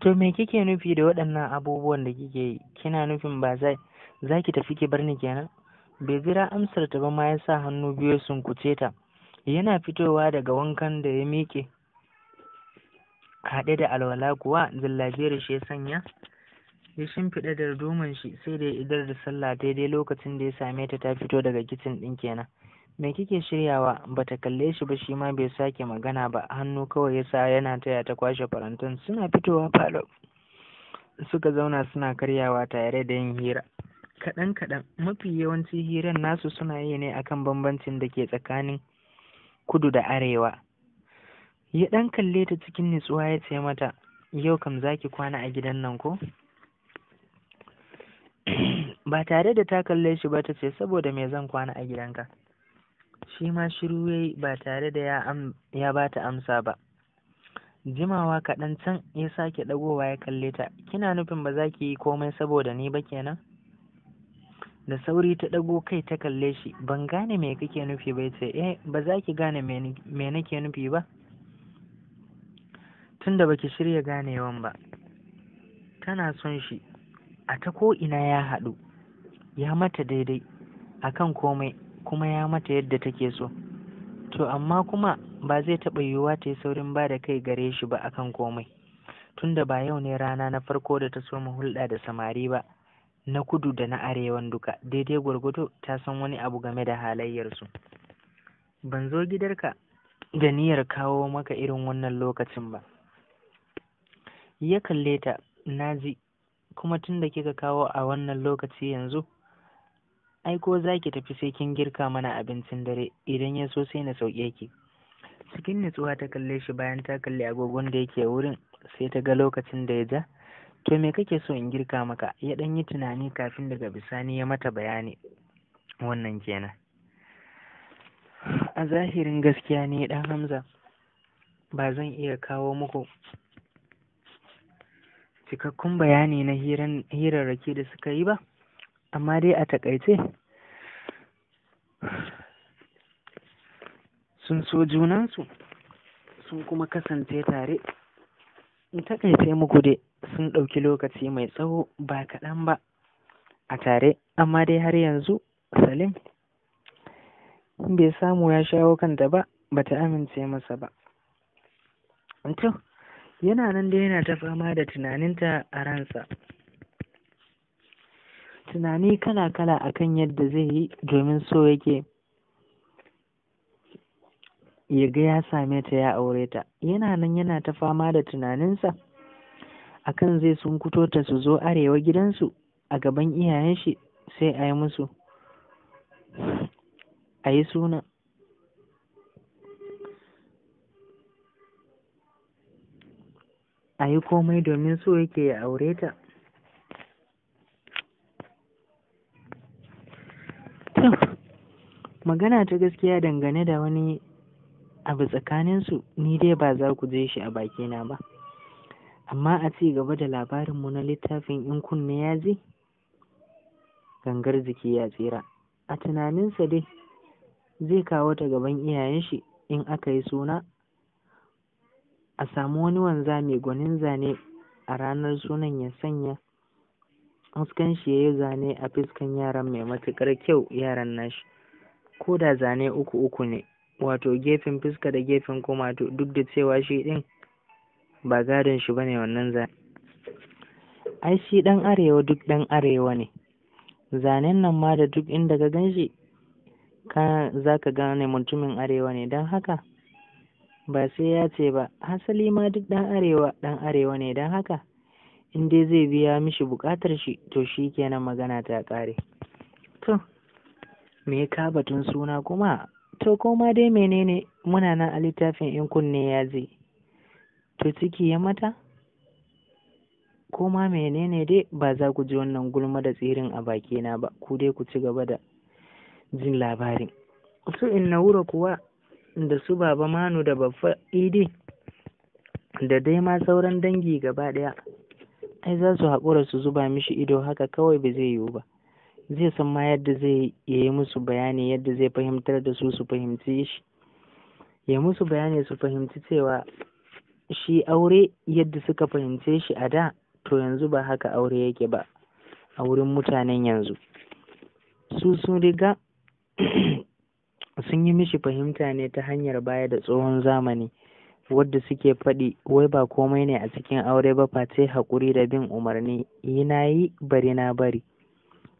to me kike nufi da waɗannan abubuwan da kike yi kina nufin ba zai? za ki tafi ki bar ni kenan bai jira amsar ta ba ma ya sa hannu biyu sun kuce ta yana fitowa daga wankan da ya miƙe haɗe da alwala kuwa jallabiya shi ya sanya ya shimfiɗa rumun shi sai da ya idar da sallah daidai lokacin da ya same ta ta fito daga kicin ɗin kenan me kike shiryawa bata kalle shi ba shi ma bai sake magana ba hannu kawai ya sa yana taya ta kwashe farantin suna fitowa falo suka zauna suna karyawa tare da yin hira kaɗan kaɗan mafi yawanci hiran nasu suna yi ne akan bambancin da ke tsakanin kudu da arewa ya ɗan kalle ta cikin nutsuwa ya ce mata yau kam za ki kwana a gidan nan ko ba tare da ta kalle shi ba ta ce saboda me zan kwana a gidanka shi ma shiru ya yi ba tare da ya ba ta amsa ba jimawa kaɗan can ya sake ɗagowa ya kalle ta kina nufin ba za ki yi komai saboda ni ba kenan da sauri ta ɗago kai ta kalle shi ban gane me kake nufi ba ce eh ba za ki gane me nake nufi ba tunda baki shirya ganewan ba tana son shi a ta ko ina ya haɗu ya mata daidai a kan komai kuma ya mata yadda take so to amma kuma ba zai taɓa yiwuwa ta yi saurin ba da kai gare shi ba a kan komai tunda ba yau ne rana na farko da ta soma hulɗa da samari ba na kudu da na arewan duka daidai gwargwado ta san wani abu game da halayyarsu ban zo gidarka da niyyar kawo maka irin wannan lokacin ba ya kalle ta na ji kuma tun da kika kawo a wannan lokaci yanzu Aiko ko za ki tafi sai kin girka mana abincin dare idan ya so sai na sauke ki cikin nutsuwa ta kalle shi bayan ta kalli agogon da yake wurin sai ta ga lokacin da ya ja to me kake so in girka maka ya ɗan yi tunani kafin daga bisani ya mata bayani wannan kenan a zahirin gaskiya ne dan hamza ba zan iya kawo muku cikakkun bayani na hirarraki da suka yi ba amma dai a takaice sun so junansu sun kuma kasance tare in takaice muku dai sun ɗauki lokaci mai tsawo ba kaɗan ba a tare amma dai har yanzu salim bai samu ya shawo kanta ba bata amince masa ba yana nan da yana ta fama da tunaninta a ransa tunani kala-kala akan yadda zai yi domin so yake ya ga ya same ta ya aure ta yana nan yana ta fama da tunaninsa akan zai sun kuto ta su zo arewa gidansu a gaban iyayen shi sai a yi musu a yi suna a yi komai domin so yake ya aure ta magana ta gaskiya dangane da wani abu tsakaninsu ni dai ba za ku je shi a bakina ba amma a ci gaba da labarinmu na littafin in kunne ya ji gangar jiki ya tsira a tunaninsa dai zai kawo ta gaban iyayen shi in aka yi suna a samu wani wanzami gwanin zane a ranar sunan ya sanya fuskan shi ya yi zane a fuskan yaran mai matuƙar kyau yaran nashi ko da zane uku uku ne wato gefen fuska da gefen to duk da cewa shi ɗin ba gadon shi bane wannan zane ai shi ɗan arewa duk ɗan arewa ne zanen nan ma da duk inda ka ganshi shi za ka gane mutumin arewa ne don haka ba sai ya ce ba hasali ma duk ɗan arewa ɗan arewa ne don haka in dai zai biya mishi buƙatar shi to shi kenan magana ta ƙare to me ka batun suna kuma to koma dai menene muna nan a littafin in kunne ya zai, to ciki ya mata koma menene dai ba za ku ji wannan gulma da tsirin a bakina ba ku dai ku ci gaba da jin labarin su na wura kuwa da su baba manu da babba idi da dai ma sauran dangi gaba ɗaya ai za su haƙura su zuba mishi ido haka kawai ba zai yiwu ba zai san ma yadda zai yi musu bayani yadda zai fahimtar da su su fahimci shi ya musu bayani su fahimci cewa shi aure yadda suka fahimce shi a da to yanzu ba haka aure yake ba a wurin mutanen yanzu su sun riga sun yi mishi fahimta ne ta hanyar baya da tsohon zamani wadda suke faɗi wai ba komai ne a cikin aure ba face haƙuri da bin umarni yi na yi bari na bari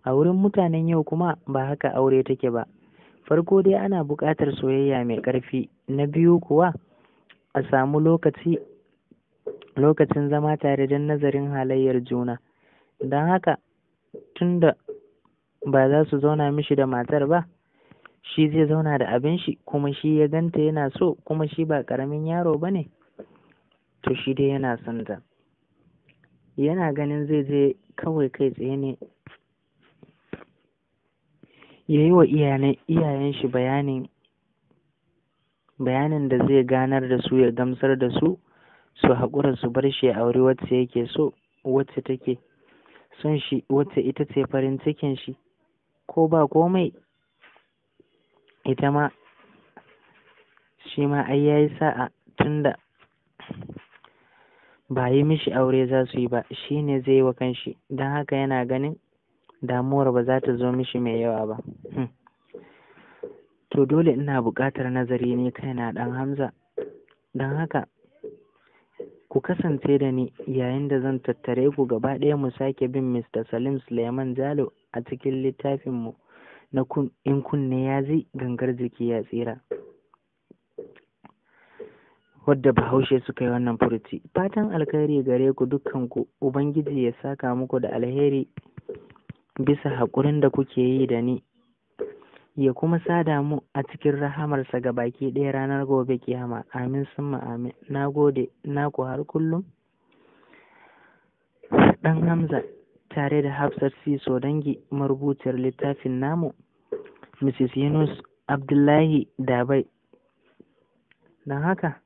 a wurin mutanen yau kuma ba haka aure take ba farko dai ana buƙatar soyayya mai ƙarfi na biyu kuwa a samu lokaci lokacin zama tare don nazarin halayyar juna don haka tunda ba za su zauna mishi da matar ba shi zai zauna da abin shi kuma shi ya ganta yana so kuma shi ba ƙaramin yaro ba ne to shi dai yana son ta yana ganin zai je kawai kai tsaye ne ya yi wa iyayen shi bayanin bayanin da zai ganar da su ya gamsar da su su haƙura su bar shi a aure wacce yake so wacce take son shi wacce ita ce farin cikin shi ko ba komai ita ma shi ma ai ya yi sa'a tunda ba yi mishi aure za su yi ba shi ne zai yi wa kanshi don haka yana ganin damuwar ba za ta zo mishi mai yawa ba hmm. to dole ina buƙatar nazari ne kaina ɗan hamza don haka ku kasance da ni yayin da zan tattare ku gaba ɗaya mu sake bin mr salim suleiman jalo a cikin littafinmu na in kunne ya zai gangar jiki ya tsira wadda bahaushe suka yi wannan furuci fatan alkhairi gare ku dukkan ku ubangiji ya saka muku da alheri bisa haƙurin da kuke yi da ni ya kuma sada mu a cikin rahamarsa ga baki ɗaya ranar gobe kiyama amin sun amin na gode naku har kullum ɗan hamza tare da Hafsat C. dangi marubuciyar littafin namu, Mrs. Yunus Abdullahi Dabai. Don haka,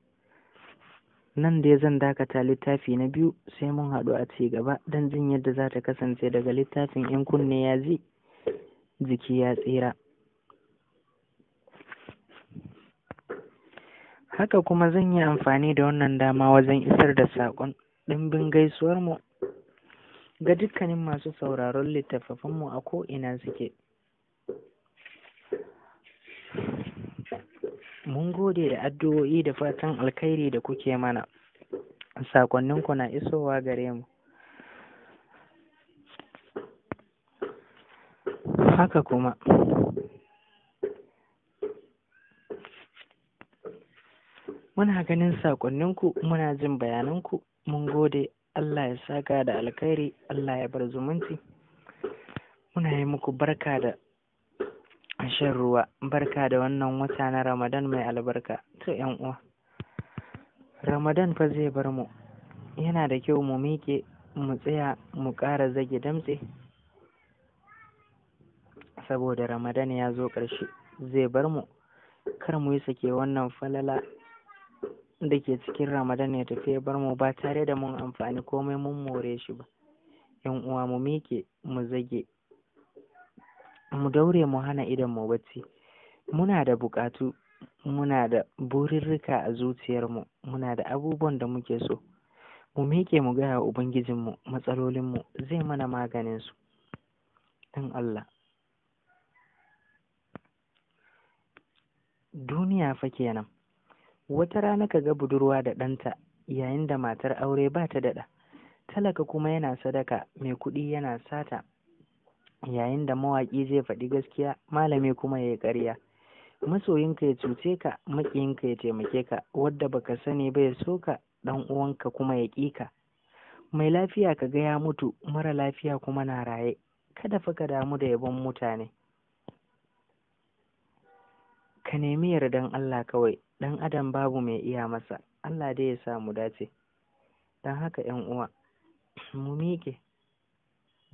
nan da zan dakata littafi na biyu sai mun haɗu a ci gaba don jin yadda za ta kasance daga littafin 'yan kunne ya ji jiki ya tsira. Haka kuma zan yi amfani da wannan dama wajen isar da saƙon ɗimbin gaisuwarmu ga dukkanin masu sauraron littafafanmu a ko'ina suke. Mun gode da addu'o'i da fatan alkhairi da kuke mana, sakonninku na isowa gare mu. Haka kuma, muna ganin sakonninku muna jin bayananku mun gode Allah ya saka da alkhairi Allah ya bar zumunci muna yi muku barka da shan ruwa barka da wannan wata na Ramadan mai albarka to 'yan uwa Ramadan fa zai bar mu yana da kyau mu miƙe mu tsaya mu ƙara zage damtse saboda Ramadan ya zo ƙarshe zai bar mu kar mu yi sake wannan falala da ke cikin Ramadan ya tafi ya bar mu ba tare da mun amfani komai mun more shi ba. ‘Yan uwa mu mike mu zage mu daure mu hana idon mu bacci muna da buƙatu muna da burirrika a zuciyarmu muna da abubuwan da muke so mu miƙe mu gaya wa ubangijinmu matsalolinmu zai mana maganin su don allah duniya fa kenan wata rana ka ga budurwa da ɗanta yayin da matar aure ba ta daɗa talaka kuma yana sadaka mai kuɗi yana sata yayin da mawaƙi zai faɗi gaskiya malami kuma ya yi ƙarya masoyinka ya cuce ka maƙiyinka ya taimake ka wadda baka sani ba ya so ka ɗan uwanka kuma ya ƙi ka mai lafiya ka ga ya mutu mara lafiya kuma na raye kada fa ka damu da yabon mutane ka nemi yardan Allah kawai ɗan adam babu mai iya masa Allah dai ya sa mu dace don haka ‘yan uwa mu miƙe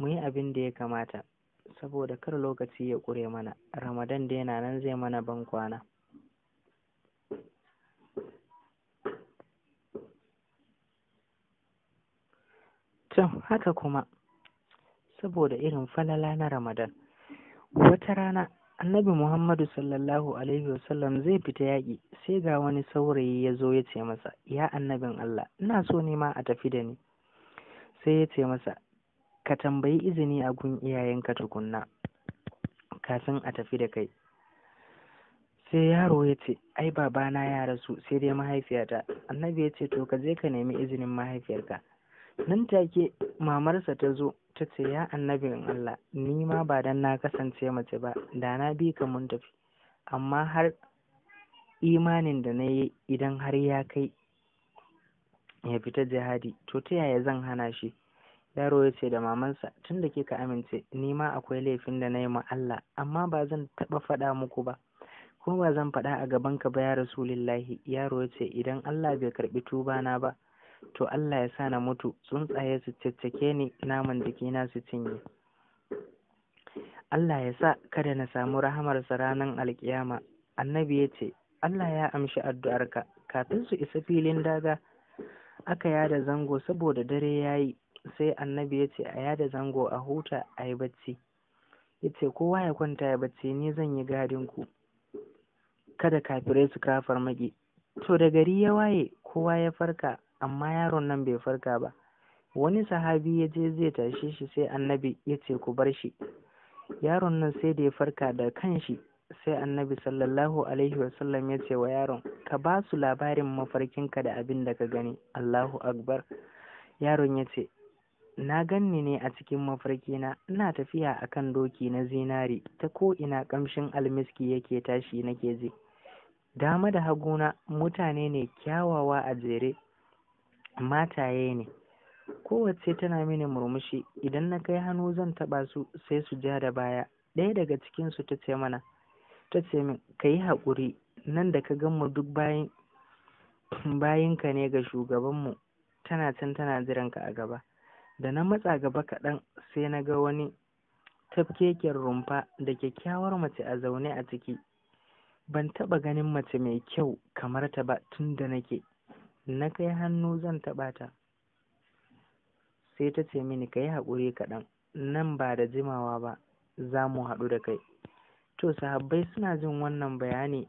mu yi abin da ya kamata saboda kar lokaci ya ƙure mana ramadan da yana nan zai mana ban kwana can haka kuma saboda irin falala na ramadan wata rana annabi muhammadu sallallahu alaihi wasallam zai fita yaƙi sai ga wani saurayi ya zo ya ce masa ya annabin allah ina so ne ma a tafi da ni sai ya ce masa ka tambayi izini a gun iyayenka tukunna kafin a tafi da kai sai yaro ya ce ai babana ya rasu sai dai mahaifiyata annabi ya ce to ka je ka nemi izinin mahaifiyarka nan take mamarsa ta zo ta ce ya annabin Allah ni ma ba dan na kasance mace ba da na bi ka mun tafi amma har imanin da na yi idan har ya kai ya fita jihadi to ta yaya zan hana shi yaro ya ce da mamansa tun da kika amince ni ma akwai laifin da na yi ma Allah amma ba zan taba faɗa muku ba ko ba zan faɗa a gaban ka ba ya rasulillahi yaro ya ce idan Allah bai karɓi tuba na ba to Allah ya sa na mutu tsuntsaye su caccake ni naman jikina su cinye Allah ya sa kada na samu rahamarsa ranar alkiyama annabi ya ce Allah ya amshi addu'arka kafin su isa filin daga aka yada zango saboda dare ya yi sai annabi ya ce a yada zango a huta a yi bacci ya ce kowa ya kwanta ya bacci ni zan yi gadin ku kada kafirai su kafar magi. to da gari ya waye kowa ya farka amma yaron nan bai farka ba wani sahabi ya je zai tashe shi sai annabi ya ce ku bar shi yaron nan sai da ya farka da kanshi sai annabi sallallahu alaihi wasallam ya ce wa yaron ka ba su labarin mafarkinka da abin da ka gani allahu akbar yaron ya ce na ganni ne a cikin mafarkina ina tafiya a kan doki na zinari ta ko ina kamshin almiski yake tashi nake ji dama da haguna mutane ne kyawawa a jere mataye ne kowacce tana mini murmushi idan na kai hannu zan taba su sai su ja da baya ɗaya daga cikinsu ta ce mana ta ce min ka yi haƙuri nan da ka gan mu duk bayan bayinka ne ga shugabanmu tana can tana jiranka a gaba da na matsa gaba kaɗan sai na ga wani tafkeken rumfa da kyakkyawar mace a zaune a ciki ban taɓa ganin mace mai kyau kamar ta ba tun da nake na kai hannu zan taɓa ta sai ta ce mini ka yi haƙuri kaɗan nan ba da jimawa ba za mu haɗu da kai to sahabbai suna jin wannan bayani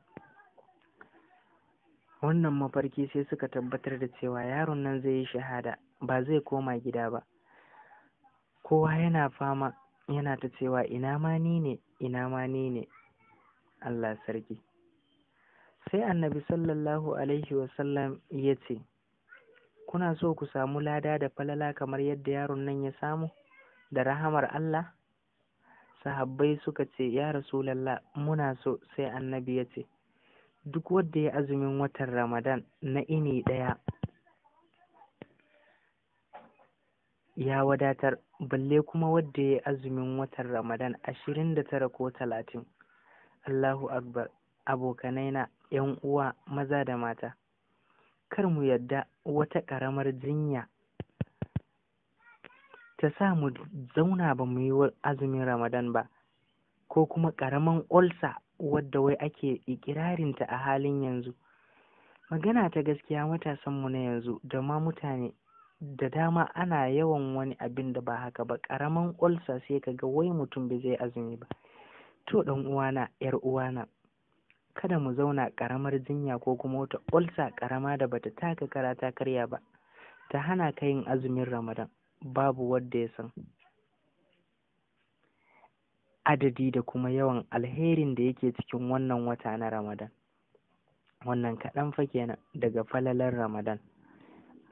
wannan mafarki sai suka tabbatar da cewa yaron nan zai yi shahada ba zai koma gida ba kowa yana fama yana ta cewa ina ma ni ne ina ma ni ne Allah sarki sai annabi sallallahu alaihi wasallam ya ce kuna so ku samu lada da falala kamar yadda yaron nan ya samu da rahamar Allah sahabbai suka ce ya rasulallah muna so sai annabi ya ce duk wanda ya azumin watan ramadan na ini ɗaya ya wadatar balle kuma wadda ya azumin watan ramadan ashirin da tara ko talatin allahu akbar abokanaina 'yan uwa maza da mata kar mu yadda wata ƙaramar jinya ta sa mu zauna ba mu yi azumin ramadan ba ko kuma ƙaramin olsa wadda wai ake ikirarinta a halin yanzu magana ta gaskiya matasanmu na yanzu da ma mutane da dama ana yawan wani abin da ba haka ba ƙaramin olsa sai ka ga wai mutum bai zai azumi ba to ɗan uwana 'yar uwana kada mu zauna ƙaramar jinya ko kuma wata ulsa ƙarama da bata taka kara karya ba ta hana ka yin azumin ramadan babu wadda ya san adadi da kuma yawan alherin da yake cikin wannan wata na ramadan wannan kaɗan fa kenan daga falalar ramadan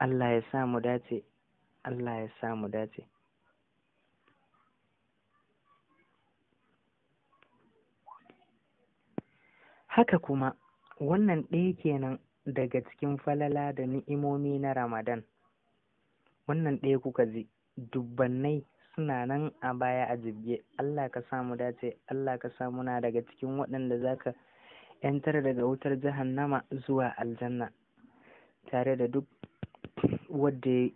allah ya sa mu dace allah ya sa mu dace Haka kuma, wannan ɗaya kenan daga cikin falala da ni'imomi na Ramadan. Wannan ɗaya kuka ji, dubbannai suna nan a baya a jibge, Allah ka samu dace, Allah ka samu na daga cikin waɗanda za ka ‘yantar daga wutar nama zuwa aljanna, tare da duk wadda ya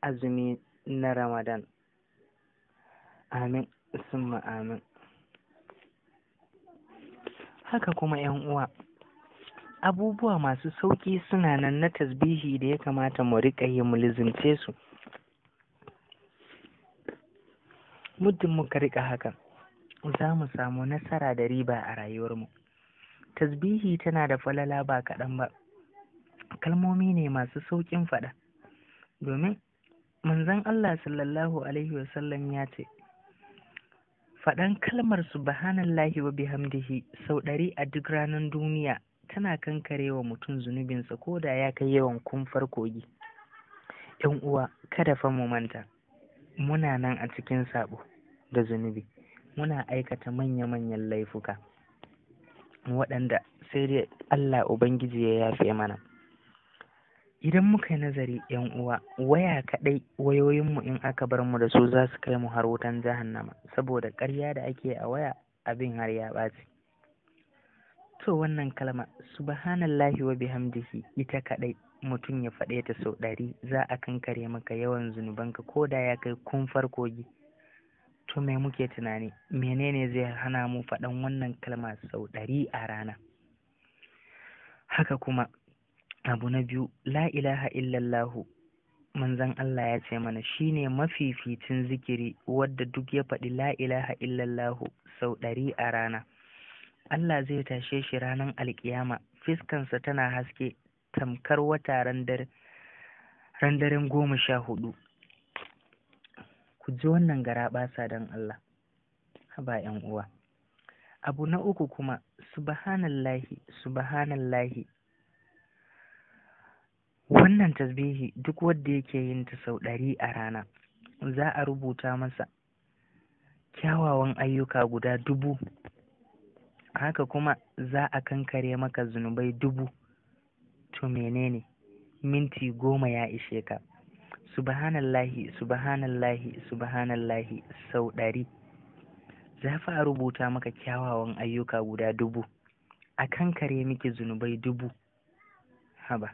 azumi na Ramadan. Amin, sun amin. haka kuma ‘yan uwa, abubuwa masu sauƙi suna nan na tasbihi da ya kamata mu riƙa yi mu lizince su. Muddin muka riƙa haka za mu samu nasara da riba a rayuwarmu. Tasbihi tana da falala ba kaɗan ba, kalmomi ne masu sauƙin faɗa, domin manzon Allah sallallahu Alaihi wasallam ya ce, faɗan kalmar subhanallahi wa hamdihi, sau ɗari a duk ranar duniya tana kankarewa mutum zunubinsa ko da ya kai yawan kumfar kogi yan uwa kada fa mu manta muna nan a cikin saɓo da zunubi muna aikata manya-manyan laifuka waɗanda sai dai Allah Ubangiji ya yafe mana. idan muka yi nazari yan uwa waya kaɗai wayoyinmu in aka bar mu da su za su kai mu har wutan jahannama saboda ƙarya da ake a waya abin har ya ɓaci to wannan kalma subhanallahi wa bihamdihi ita kaɗai mutum ya faɗe ta sau ɗari za a kan kare maka yawan zunubanka ko da ya kai kun kogi. to me muke tunani menene zai hana mu faɗan wannan kalma sau ɗari a rana haka kuma abu na biyu la ilaha illallahu manzan Allah ya ce mana shi shine mafificin zikiri wadda duk ya faɗi la ilaha illallahu sau ɗari a rana Allah zai tashe shi ranar alkiyama fiskansa tana haske tamkar wata randaren goma sha hudu ku ji wannan gara ɓasa don Allah haba ‘yan uwa abu na uku kuma subhanallahi subhanallahi wannan tasbihi duk wanda yake yin ta sau ɗari a rana za a rubuta masa kyawawan ayyuka guda dubu haka kuma za a kankare maka zunubai dubu to menene minti goma ya ishe ka subhanallahi subhanallahi subhanallahi sau ɗari za fa a rubuta maka kyawawan ayyuka guda dubu a kankare miki zunubai dubu haba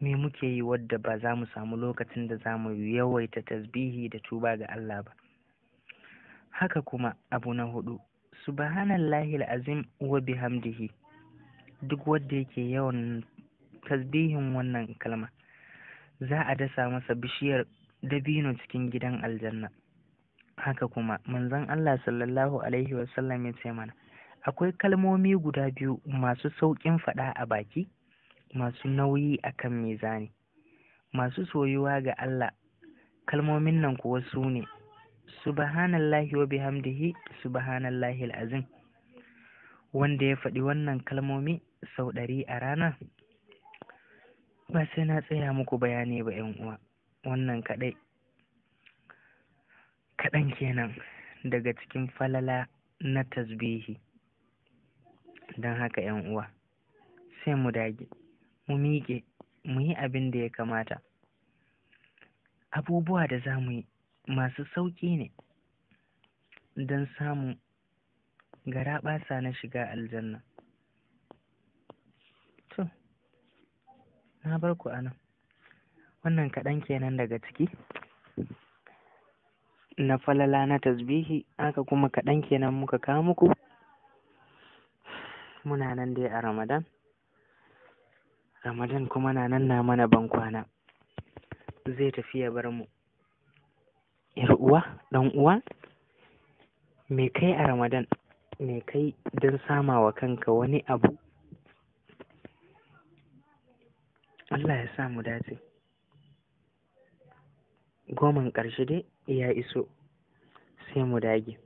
me muke yi wadda ba za mu samu lokacin da za mu yawaita tasbihi da tuba ga Allah ba haka kuma abu na hudu subhanallahi azim wa bihamdihi duk wanda yake yawan tasbihin wannan kalma za a dasa masa bishiyar dabino cikin gidan aljanna haka kuma manzon Allah sallallahu alaihi wasallam ya ce mana akwai kalmomi guda biyu masu sauƙin faɗa a baki masu nauyi a kan mizani masu soyuwa ga Allah kalmomin nan kuwa su ne subhanallahi wa bihamdihi subhanallahi al'azim wanda ya faɗi wannan kalmomi sau ɗari a rana ba sai na tsaya muku bayani ba yan uwa wannan kaɗai kaɗan kenan daga cikin falala na tasbihi don haka yan uwa sai mu dage mu miƙe mu yi abin da ya kamata abubuwa da za mu yi masu sauƙi ne don samun garaɓasa na shiga aljanna to na bar ku anan wannan kaɗan kenan daga ciki na falala na tasbihi aka kuma kaɗan kenan muka kawo muku muna nan dai a ramadan ramadan kuma na nan na mana ban kwana zai tafi ya bar mu yar uwa dan uwa me kai a ramadan me kai don sama wa kanka wani abu Allah ya sa mu dace goman ƙarshe dai ya iso sai mu dage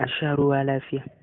a sha ruwa lafiya